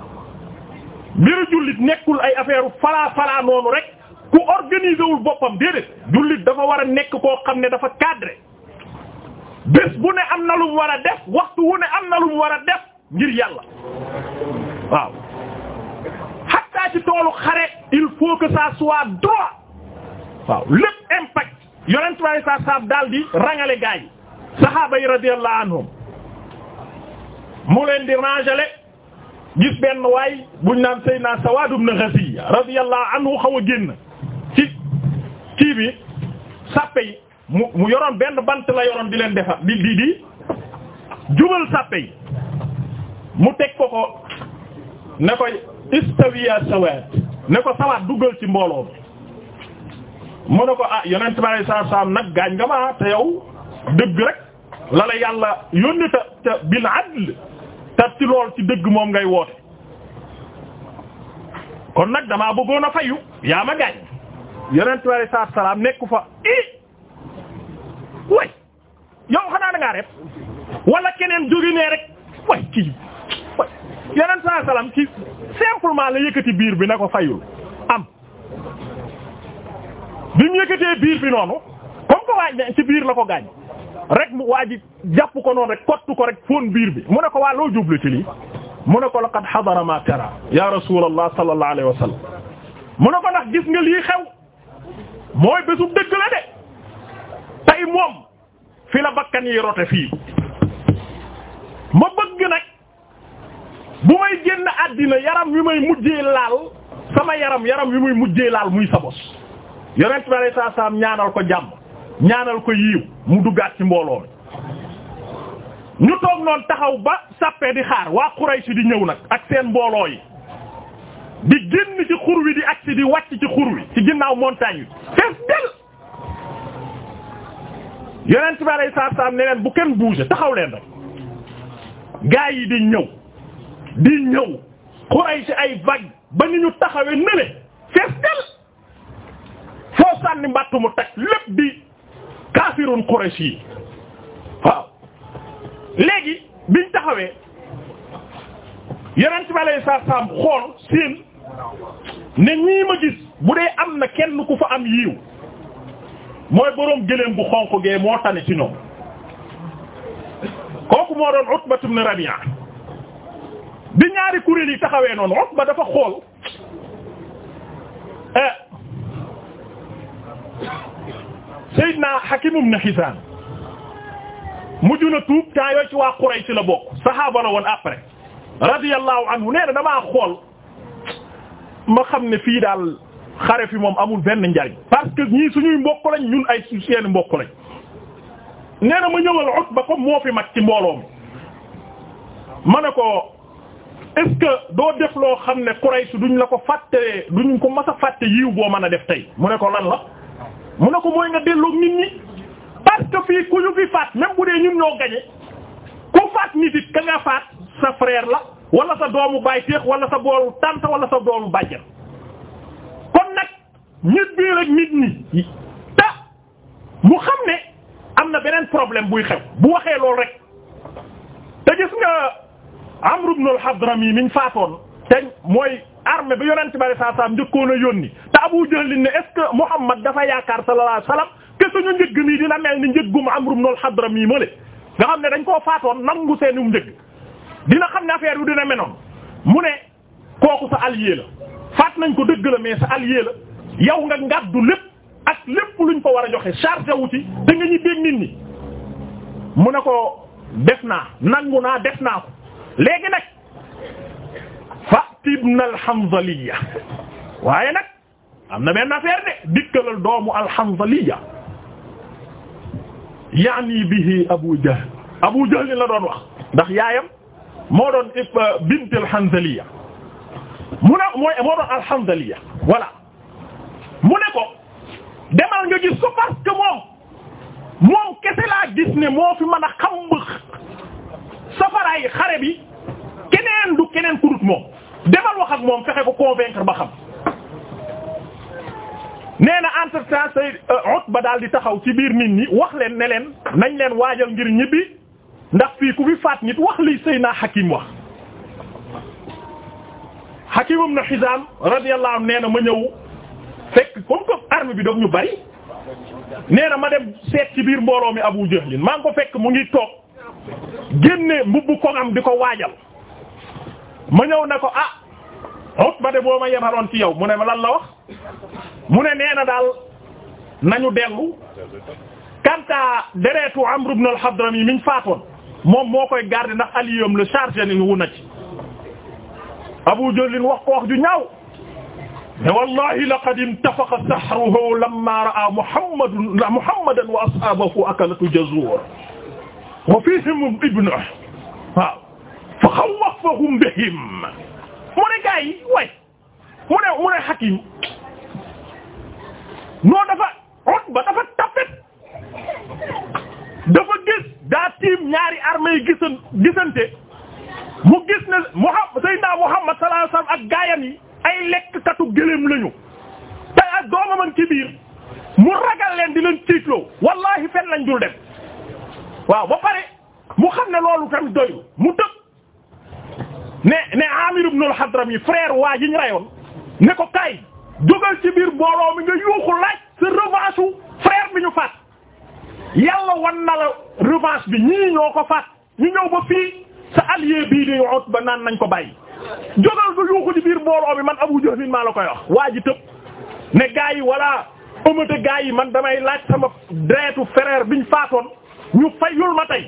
Speaker 1: mbiru jullit nekkul ay affaire falaa falaa noonu rek ku organisé wul boppam déedéet jullit dafa war a nekk koo xam ne dafa cadré bés bu ne am na lu def waxtu wu ne am na lu war a def ngir yàlla waaw hatta ci toolu xare il faut que ça soit droit waaw lépp impact yonent bi sa saab daal di rangale gaa yi sahaaba anhum mu leen di rangale gis benn waay buñ naan Seydina Sawaad ibn Ghaziya radiyallahu anhu xaw a génn ci kii bi mu mu yoroon benn bant la yoroon di leen defar di di di jubal sàppe mu teg ko ko ne ko istawiya sawaat ne ko sawaat duggal ci mbooloo bi mu ne ko ah yonent bi alei saatu salaam nag gaañ nga ma te yow dëgg rek la la yàlla yónni ta ta bil adl te ci lool ci dëgg moom ngay woote kon nag damaa bëggoon a fayu yaa ma gaañ yonent bi salaam nekku fa i way yow xanaa da ngaa rep keneen jóge rek way kii yeneen saa salaam ci la yëkkati biir bi na ko fayul am bi mu yëkkatee biir bi noonu comme ko waaj ne ci biir la ko gaañ rek mu jàpp ko noonu rek kottu ko rek fóon biir bi mu ne ko waa loo jublu ci lii mu ne ko laqad hadara ma tara ya rasulallah sallallahu alayhi wa sallam mu ko ndax gis nga lii xew mooy bésub dëkk la de ay moom fi la bakkan yi rote fii ma bëgg nag bu may génn àddina yaram wi may mujjee laal sama yaram yaram wi muy mujjee laal muy sa bos yonent bi salaam ñaanal ko jàmm ñaanal ko yiiw mu duggaat ci mbooloo mi ñu toog noonu taxaw ba sàppee di xaar waa Quraysh di ñëw nag ak seen mbooloo yi di génn ci xur wi di agsi di wàcc ci xur wi ci ginnaaw montagne yi fees del yonent bi alayhi salaatu salaam ne leen bu kenn bouger taxaw leen rek gaa yi di ñëw di ñëw Quraysh ay vague ba ni ñu taxawee nële fees del foo sànni mbàtt mu teg lépp di kaafirun Quraysh yi waaw léegi biñ taxawee yonent bi alayhi salaam xool seen ne ñii ma gis bu dee am na kenn ku fa am yiiw mooy boroom gëléem bu xonq gee moo tane ci ñoom kooku moo doon Utba ibn bi ñaari kuréel yi taxawee noonu Utba dafa xool eh, Seydina Hakim ibn Hizam mujj na tuub temps yooyu ci waa Quraysh la bok saxaaba la woon après radiyallahu anhu nee na damaa xool ma xam ne fii daal xare fi moom amul benn njariñ parce que su ñuy mbokk lañ ñun ay seen mbokk lañ nee na ma ñëwal ba comme moo fi mag ci mbooloo mi ma ne ko est-ce doo def loo xam ne Quraysh duñ la ko fàtte ñu ko mas a fàtte yiw boo mën a def tey mu ne ko lan la mu ne ko mooy nga delloog nit ñi parce que fii ku ñu fi faat même bu dee ñun ñoo gañe ku faat nit it ka nga faat sa frère la wala sa doomu baay teex wala sa boolu tante wala sa doomu bàjjen nit bii rek nit ñi ta mu xam ne am na beneen problème buy xew bu waxee loolu rek te gis nga Amr ibn al-Hadrami faatoon te mooy armée bi yonent bari saa saam njëkkoon a yoon yónni te Abu Jahl ne est-ce que Muhammad dafa yaakaar sallallahu alayhi wasallam que suñu njëgg nii dina mel ni njëggum Amr ibn al-Hadrami ma le nga xam ne dañ koo faatoon nangu mu njëgg dina xam ne affaire yu dina menoon mu ne kooku sa allié la faat nañ ko dëgg la mais sa allié la yow nga ngàddu lépp ak lépp luñ ko war a joxe chargé wu ci te nga ñu dégg nit mu ne ko def na nangu naa def naa ko léegi nag fatibna alhamdaliya waaye nag am na benn affaire de dikkalal doomu alhamdaliya yaani bihi abu jahl abu jahl la doon wax ndax yaayam moo doon euh, bint alhamdaliya mu ne mooy moo doon alhamdaliya mu ne ko demal nga gis ko parce que moom moom kese laa gis ne moo fi man a xam safaraay xare bi keneen du keneen ku dut moom demal wax ak moom fexe ko convaincre ba xam nee na entre temps say euh, Utba daal di taxaw ci biir nit ñi wax leen ne leen nañ leen waajal ngir ñibbi ndax fii ku fi faat nit wax li Seydina Hakim wax Hakim ibn Hizam radiyallahu anhu nee na ma ñëw fekk comme que arme bi doog ñu bari nee na ma dem seet ci biir mbooloo mi Abu Jahl maa ngi ko fekk mu ngi toog génne mbubb koŋam di ko waajal ma ñëw na ko ah Utba de boo ma yebaloon ci yow mu ne ma lan la wax mu ne nee na daal nañu dellu kanta deretu Amr ibn al-Hadrami miñ faatoon moom moo koy garder ndax aliyom le chargé ni wu na ci Abu Jahl wax ko wax ju ñaaw ne wallahi laqad intafaqa sahruhu lamma ra'a muhammadun muhammadan wa ashabahu akalatu jazur wa fihim ibnuhu waaw fa xawwafahum bihim mu ne gaa yi waay mu ne mu ne Hakim noo dafa Utba dafa tapet dafa gis daa tiim ñaari armée yi gisan gisante mu gis ne Muhammad Seydina Muhammad sallallahu alayhi wasallam ak gaayam yi ay lekk lekkkatu gëléem lañu te ak doomamam ci mu ragal leen di leen tiitloo wallahi fen lañ dul dem waaw ba pare mu xam ne loolu tamit doyul mu tëb ne ne Amir ibn al-Hadrami frère waa yi ñu reyoon ne ko kay jógal ci biir mbooloo mi nga yuuxu laaj sa revanche frère bi ñu faat yàlla wan na la bi ñii ñoo ko faat ñu ñëw ba fii sa allié bii di Utba naan nañ ko bàyyi jógal nga yuuxu ci biir mbooloo mi man Abu Jahl maa la koy wax waa ji tëb ne gaa yi walla ëmmate gaa yi man damay laaj sama deretu frère biñ faatoon ñu fayul ma tey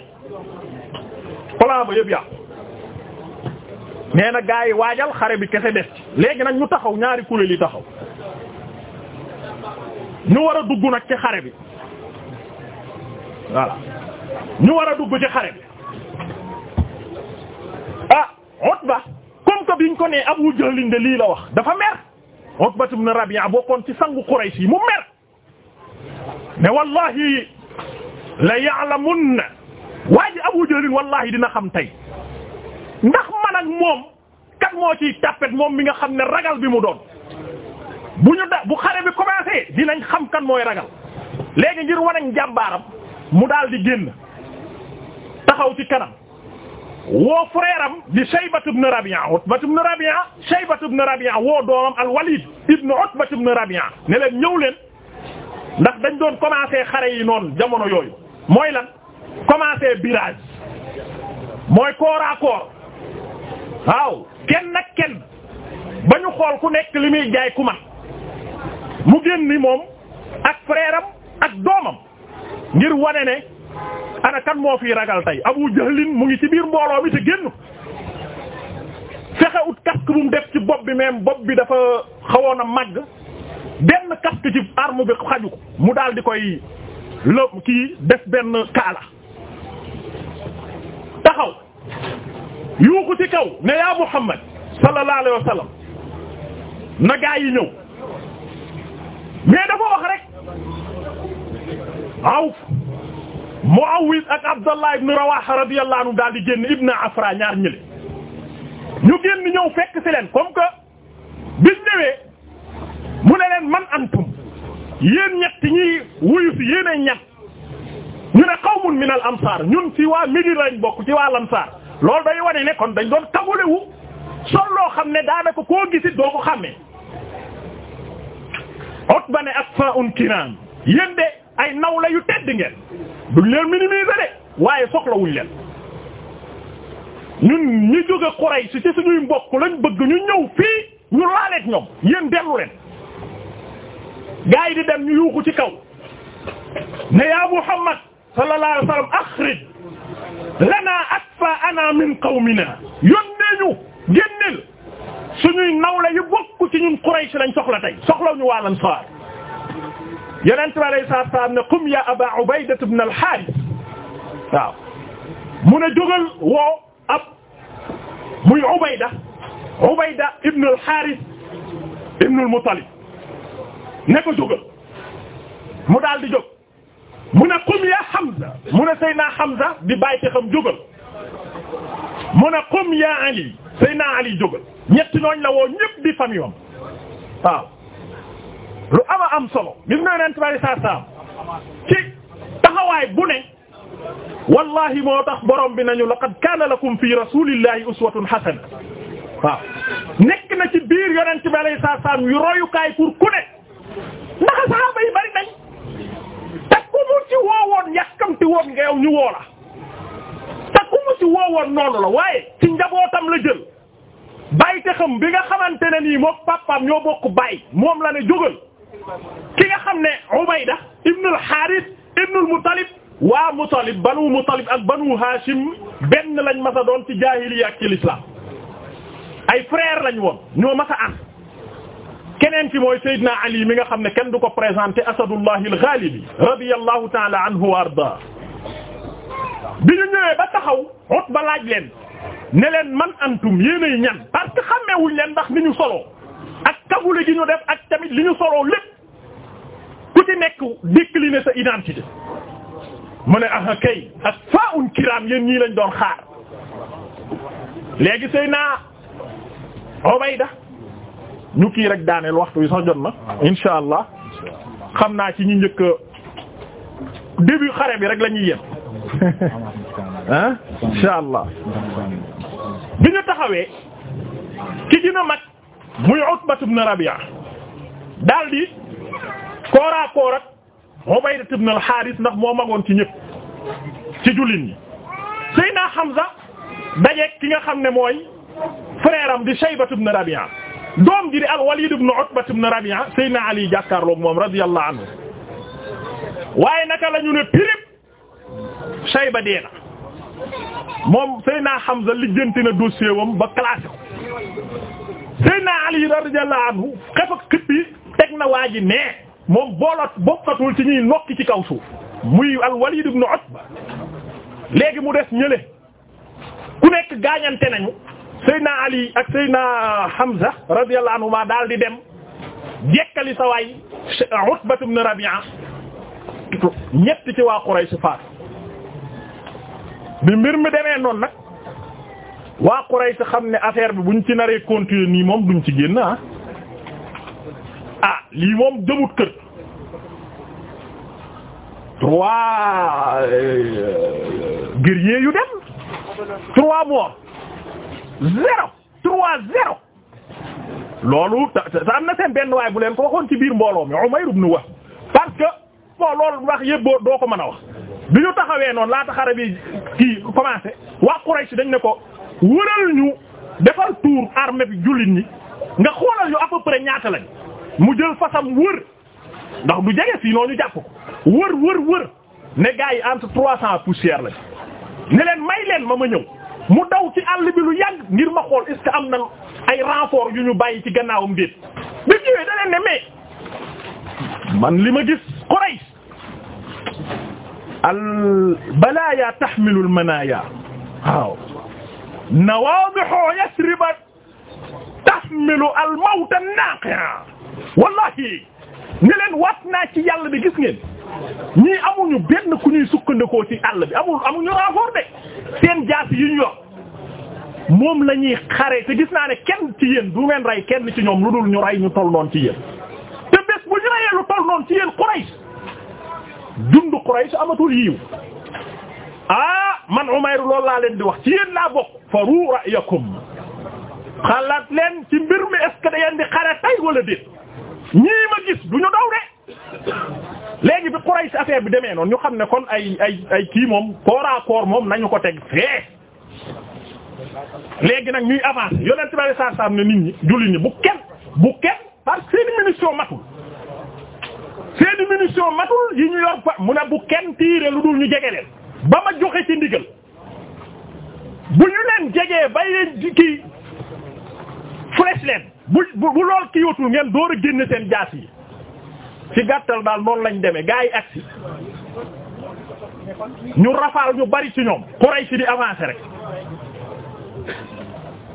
Speaker 1: plan ba yëpp yàqu nee na gaa yi waajal xare bi kese des ci léegi nag ñu taxaw ñaari kuréel yi taxaw ñu war a dugg nag ci xare bi voilà ñu war a dugg ci xare bi ah Utba comme que biñ ko nee Abu Jahlin de lii la wax dafa mer Utbat rab Rabi'a bokkoon ci sangu Quraysh yi mu mer ne wallahi la ya'lamunna waa ji Abu Jahlin wallahi dina xam tey ndax man ak moom kat moo ciy tàppet moom mi nga xam ne ragal bi mu doon bu ñu da bu xare bi commencé dinañ xam kan mooy ragal léegi ngir wane njàmbaaram mu daal di génn taxaw ci kanam woo frère am di Shaybat ibn Rabi'a Utbat ibn Rabi'a Shaybat ibn Rabi'a woo doomam al-Walid ibn Utbat ibn Rabi'a ne leen ñëw leen ndax dañ doon commencé xare yi noonu jamono yooyu mooy lan commencé birage mooy corps à waaw kenn nag kenn ba ñu xool ku nekk li muy jaay ku man mu génn ni moom ak frère ak doomam ngir wane ne. ana moo fi ragal tey Abu Jahlin mu ngi ci biir mbooloo mi te génn fexe ut casque bu mu def ci bopp bi même bopp bi dafa xawoon a màgg benn casque ci arme bi xaju ko mu daal di koy lëm kii def benn kaala taxaw yuuxu ci kaw ne yaa Muhammad sallallahu alayhi na gaa yi ñëw mais dafa wax rek aw mu Muawiz ak Abdallah ibn Rawaha radiyallahu anhu daal di génn Ibn Afra ñaar ñële ñu génn ñëw fekk ci leen comme que biñ mu ne leen man antum yéen ñett ñi wuyu ci yéen ay ñett ñu ne qawmun min al ansaar ñun ci waa Médina lañ bokk ci waa ansaar loolu day wane ne dañ doon tagulewu sol loo xam ne daanaka koo gisit doo ko xàmmee Utba ne asfa'un kiram yéen de ay nawla yu tedd ngeen duñ leen minimiser de waaye soxlawuñ leen ñun ñu jóge Quraysh ci suñuy mbokk lañu bëgg ñu ñëw fii ñu laaleeg ñoom yéen dellu leen gaa yi di dem ñu yuuxu ci kaw ne yaa Muhammad sallallahu alayhi wa sallam akhrij lanaa akfaa'anaa min qawminaa yónnee ñu génneel suñuy nawle yu bokk ci ñun Quraysh lañ soxla tey soxlawuñu waa Ansaar yonent bi alayhi salaatu wa salaam ne qum ya aba Ubayda ibn al-Haaris waaw mu ne jógal woo ab muy Ubayda Ubayda ibn al-Haaris ibn al-Muttalib ne ko jógal mu daal di jóg mu ne qum ya Hamza mu ne Seydina Hamza di bàyyi ci xam jógal mu ne qum ya Ali Seydina Ali jógal ñetti ñooñ la woo ñëpp di famille am waaw lu ama am solo gis nga yonent bi saa saam ci taxawaay bu ne wallahi moo tax borom bi nañu laqad kaana lakum fi rasulillahi uswatun hasana waaw nekk na ci biir yonent bi saa saam yu royukaay pour ku ne ndax saxaaba yi bari nañ te ku ci woowoon yàkkamti woon nga yow ñu woo la te ci woowoon noonu la waaye ci njabootam la jël. bayte xam bi nga xamante ne nii moom ñoo bokk bay moom la ne jógal ki nga xam ne Ubayda ibn al-Harith ibn al-Muttalib waa Muttalib banu Muttalib ak banu Hashim benn lañ masa doon ci jaahiliya ak ci l'islam ay frère lañ woon ñoo masa an keneen fi mooy Seydina Ali mi nga xam ne kenn du ko présenté Asadullahi al-Ghalibi radiyallahu ta'ala anhu wa arda bi ñu ñëwee ba taxaw Utba laaj leen ne leen man antum yéenay ñan parce que xammeewuñ leen ndax ni ñu solo kagule gi ñu def ak tamit li ñu soloo lépp ku ci nekk décliner sa identité mu ne ah kay ak faa un kiram yéen ñii lañ doon xaar léegi sëy naa Ubayda ñu kii rek daaneel waxtu wi sa jot na insha allah xam naa ci ñu njëkk début xare bi rek la ñuy yem ah bi ñu taxawee ki dina mat muy Utbat ibn Rabi'a daal di kooraa koor ak Ubaydat ibn al ndax moo magoon ci ñëpp ci jullit ñi Seydina Hamza dajeek ki nga xam ne mooy frère di Shaybat ibn Rabi'a doom ji di al-Walid ibn Utbat ibn Rabi'a Seydina Ali jàkkaarloog moom radiyallahu anhu waaye naka la ñu ne pirip Shayba dee na moom Seydina Hamza lijjanti na dossier wam ba classé ko Seydina Ali radiyallahu anhu xef ak xëpp teg na waa ji ne moom booloot bokkatul ci ñuy nokki ci kaw suuf muy al-Walid ibn Utba léegi mu des ñële ku nekk gaañante nañu Seydina Ali ak Seydina Hamza radiyallahu anhuma daal di dem jekkali sa waay Utba ibn Rabi'a ñett ci waa Quraysh faatu bi mbir mi demee noonu nag waa Quraysh xam ne affaire bi bu ñu ci naree continuer nii moom duñ ci génn ah ah lii moom jëmut kër trois euh, guerriers yu dem trois morts zéro trois zéro loolu te am na seen benn waay bu leen ko waxoon ci biir mbooloo mi Umayr ibn Wahb parce que bon loolu wax yëpp doo ko mën a wax bi ñu taxawee noon laata xare bi kii commencé waa Quraysh dañ ne ko wëral ñu defal tour armée bi jullit ñi nga xoolal ñu à ñaata lañ mu jël fasam wër ndax du jege fii noonu ñu jàpp ko wër wër wër ne gars yi entre trois cents poussière lañ ne leen may leen ma ma ñëw mu daw ci àll bi lu yàgg ngir ma xool est am na ay renfort yu ñu bàyyi ci gannaawam déet bi ñëwee da ne mais man li ma gis Quraysh al balaaya tahmilu manaaya waaw nawaadihu Yasriba tahmilu al-mawt an-naaqi'a wallahi ne leen naa ci yàlla bi gis ngeen ñii amuñu benn ku ñuy sukkandikoo ci àll bi amul amuñu renfort de seen jaas yi ñu yor moom lañuy ñuy xare te gis naa ne kenn ci yéen du ngeen rey kenn ci ñoom lu dul ñu rey ñu toll noonu ci yéen te bés bu ñu reyee lu toll noonu ci yéen Quraysh dund Quraysh amatul yiw ah man Umayr lool laa leen di wax ci yéen laa bokk faru ra'yakum xalaat leen ci mbir mi est ce que da ngeen di xare tay wala déet ñii ma gis du ñu daw de léegi bi Quraysh affaire bi demee noonu ñu xam ne kon ay ay kii moom koora moom nañu ko teg fee. léegi nag ñuy avancé yonent bi saa saa ne nit ñi julli ñi bu kenn bu kenn parce que seen matul seen munition matul yi ñu yor fa mu ne bu kenn tiire lu dul ñu jege leen. ba ma joxe ci ndigal bu ñu leen jegee bay leen kii flèche leen bu bu lool ki ngeen door a génne seen jaas yi ci gàttal daal noonu lañ demee gaa yi agsi ñu rafaal ñu bari ci ñoom ci di avancer rek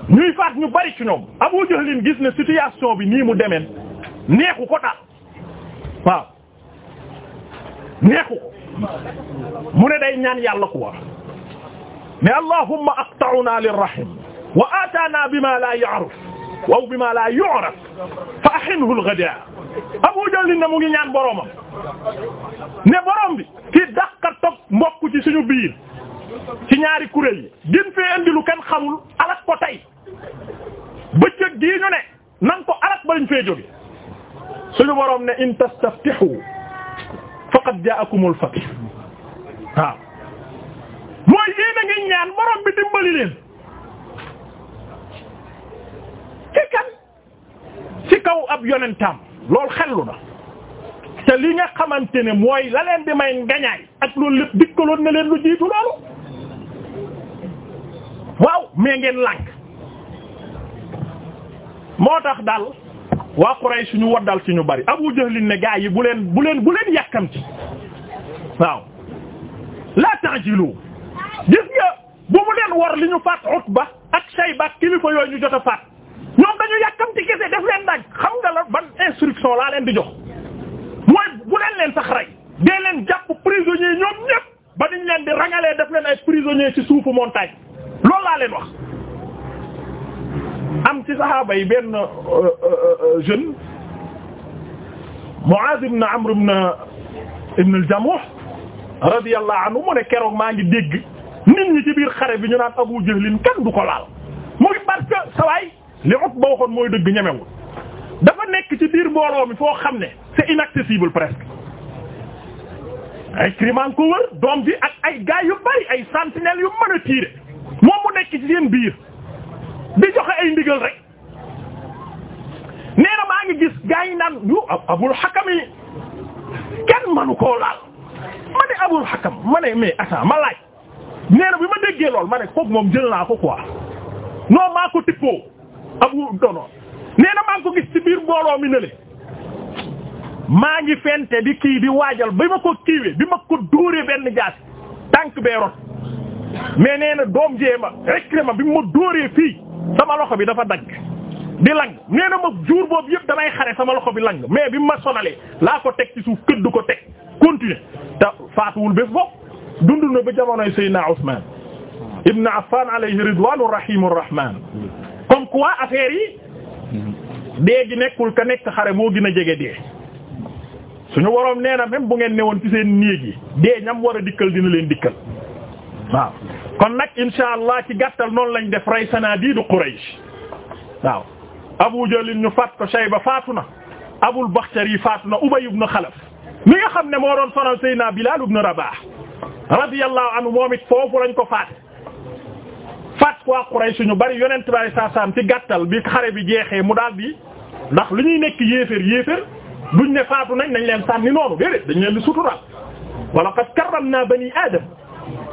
Speaker 1: ñuy faat ñu bari ci ñoom Abu Jahl gis ne situation bi nii mu demeen neexu ko daal waaw neexu ko mu ne day ñaan yàlla ku wax ne allahumma aqta'na lirrahim wa atana bima la ya'ruf wa bima la yu'raf fa ahinhu al-ghada Abu Jahl ne mu ngi ñaan boromam ne borom bi ci dàqa toog ci suñu biir ci ñaari kuréel yi gën lu kenn xamul alak ko tey bëccëg ne nan alak ba lañ fee suñu borom ne in tastaftihu faqad jaakumul fath waaw mooy yéen a ngi ñaan borom bi dimbali leen ci kan ci kaw ab yonentam lool xellu na te li nga xamante ne mooy la leen di may ngañaay ak loolu lépp dikkaloon na leen lu jiitu loolu waaw mais ngeen lànk moo tax daal waa Quraysh ñu waddal ci ñu bari Abu Jahl ne gaa yi bu leen bu leen bu leen yàkkamti waaw la ta'jilu gis nga bu mu leen war li ñu faat Utba ak Shayba ak kilifa yooyu ñu jot a faat ñoom dañu yàkkamti kese def leen daaj xam nga la ban instruction laa leen di jox mooy bu leen leen sax rey dee leen jàpp prisonnier ñoom ñépp ba niñ leen di rangalee def leen ay prisonnier ci suufu montagne loolu laa leen wax am ci saxaaba yi benn euh, euh, euh, jeune Muaz ibn Amr ibn ibn al-Jamuh radiyallahu mu ne keroog maa ngi dégg nit ñi ci biir xare bi ñu naan Abu Jahlin kenn du ko laal muy parce sawaay li Utba waxoon mooy dëgg ñemewul dafa nekk ci biir mbooloo mi foo xam ne c'est inaccessible presque ay crimen ko wër doom bi ak ay gaay yu bari ay sentinelles yu mën a moom mu nekk ci seen biir di joxe ay rek nee maa ngi gis gaa yi naan yu abul hakam yi kenn manu koo laal ma ne abul hakam ma ne mais attends ma laaj nee bi ma déggee lool ma ne kook moom jël naa ko quoi non maa ko tippoo abu dono nee na maa ngi ko gis ci biir mbooloo mi nele maa ngi fente di kii di waajal bi ma ko kiiwee bi ma ko dóoree benn jaas tànk bee rot mais nee na doom jéema rek ma bi ma dóoree fii sama loxo bi dafa dagg di lang nee na ma boobu yëpp damay xare sama loxo bi lang mais bi mu ma sonalee laa ko teg ci suuf këdd ko teg continuer te faatuwul bés bopp dund na ba jamonoy Seydina Ousmane ibn Affan alayhi ridwanu rahimu rahman comme quoi affaire yi dee gi nekkul ka nekk xare moo gën a jege dee suñu waroom nee na même bu ngeen newoon ci seen néeg yi dee ñam war a dikkal dina leen dikkal waaw kon nag insha allah ci gàttal noonu lañ def rey sanadiidu Quraysh waaw Abu Jahl ñu faat ko Shayba faatu na Abul Bakhtari faatu na Ubay ibn Khalaf mi nga xam ne moo doon sonal Seydina Bilal ibn Rabah radiyallahu anhu moom it foofu lañ ko faat fat ko waa Quraysh ñu bari yonent bi sallallahu ci gàttal bi xare bi jeexee mu daal di ndax li ñuy nekk yéeféer yéeféer duñ ne faatu nañ nañ leen sànni noonu déedéet dañ leen di suturaal wa laqad karramna bani aadam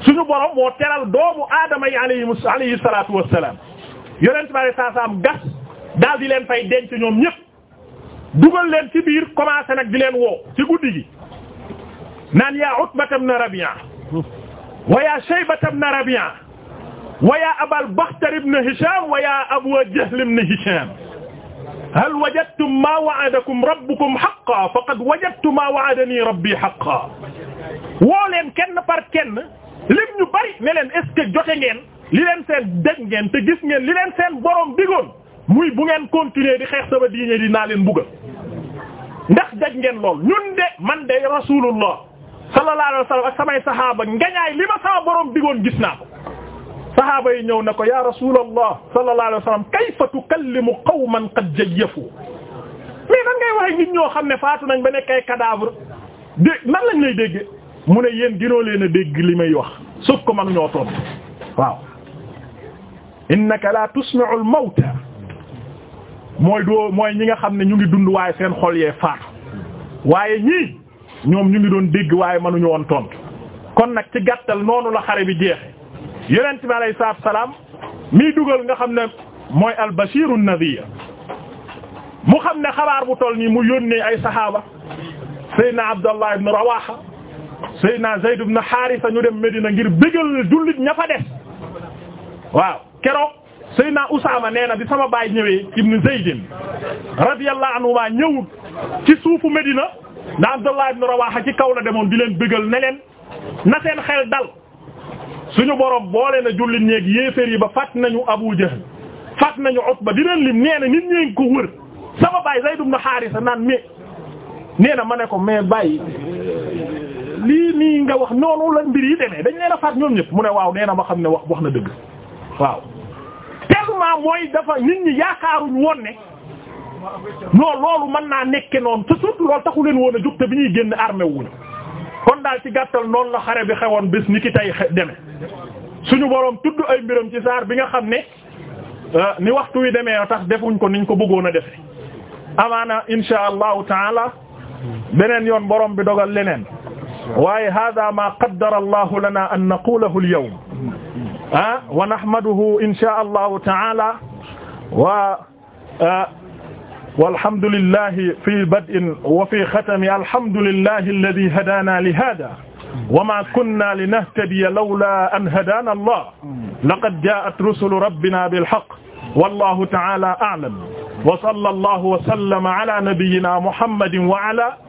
Speaker 1: suñu borom moo teral doomu aadama yi alayhi alayhi salaatu wassalaam yonent bi saa saam gas daal di leen fay denc ñoom ñëpp ci biir commencé nag di leen woo ci guddi gi naan yaa Utbata ibn Rabi'a wa yaa Shaybata ibn Rabi'a wa yaa Hisham wa yaa Abu Jahl ibn Hisham hal wajadtum ma wa'adakum rabbukum haqqan faqad wajadtu ma wa'adani rabbi haqqan woo leen kenn par kenn lim ñu bari ne leen est-ce que jote ngeen li leen seen dégg ngeen te gis ngeen li leen seen borom digoon muy bu ngeen continuer di xeex ma diine naa leen buggal ndax daj ngeen lool ñun de man de rasulullah sallallahu alayhi wasallam ak samay saxaaba ngañaay li ma sama borom digoon gis naa ko saxaaba yi ñëw na ko ya rasulullah sallallahu alayhi wasallam kayfa tukallimu qawman qad jayyafu mais nan ngay waxe nit ñoo xam ne faatu nañ ba nekk ay nan lañ lay dégg mu ne yéen ginoo leen a dégg li may wax sauf que mënuñoo toog waaw innaka la tusmi'ul mawta mooy doo mooy ñi nga xam ne ñu ngi dund waaye seen xool yee faatu waaye ñii ñoom ñu ngi doon dégg waaye mënuñu woon tontu kon nag ci gàttal noonu la xare bi jeex yonent bi alayhi salaatu salaam mii dugal nga xam ne mooy al bashiru an-nadhir mu xam ne xabaar bu toll nii mu yónnee ay saxaaba sayyidina Abdallah ibn Rawaha Seydina Zayd ibn Haarisa ñu dem Medina ngir bégal jullit ña fa des waaw keroog Seydina Usaama nee na bi sama baay ñëwee ibn Zayd radiyallahu anhu ma ñëwut ci suufu Medina na Abdullah ibn Rawaha ci kaw la demoon di leen bégal ne leen na seen xel dal suñu borom boole na jullit ñeeg yéeféer yi ba fàtt nañu Abu Jahl fàtt nañu Utba di leen lim nee na nit ñee ngi ko wër sama baay Zayd ibn Haarisa naan mais nee na ma ne ko mais baay lii nii nga wax noonu la mbir yi demee dañ leen a faat ñoom ñëpp mu ne waaw nee na ma xam ne wax wax na dëgg waaw tellement mooy dafa nit ñi yaakaaruñ woon ne non loolu mën naa nekke noonu te surtout loolu taxu leen woon a jóg te bi ñuy génn armé wuñu kon daal ci gàttal noonu la xare bi xewoon bés ni ki tey deme suñu boroom tudd ay mbiram ci saar bi nga xam ne euh, ni waxtu wi demee tax defuñ ko niñ ko bëggoon a defe amaana insha allahu taala beneen yoon boroom bi dogal leneen waaye hada ma qaddara allahu lana an naqulahu al-yawm ah wa nahmaduhu insha allahu ta'ala wa walhamdulillahi fi bad'in wa fi khatami alhamdulillahi alladhi hadana li hada wa ma kunna linahtadiya lawla an hadana allah laqad ja'at rusulu rabbina bil haqq wallahu ta'ala a'lam wa sallallahu wa sallama ala nabiyyina muhammadin wa ala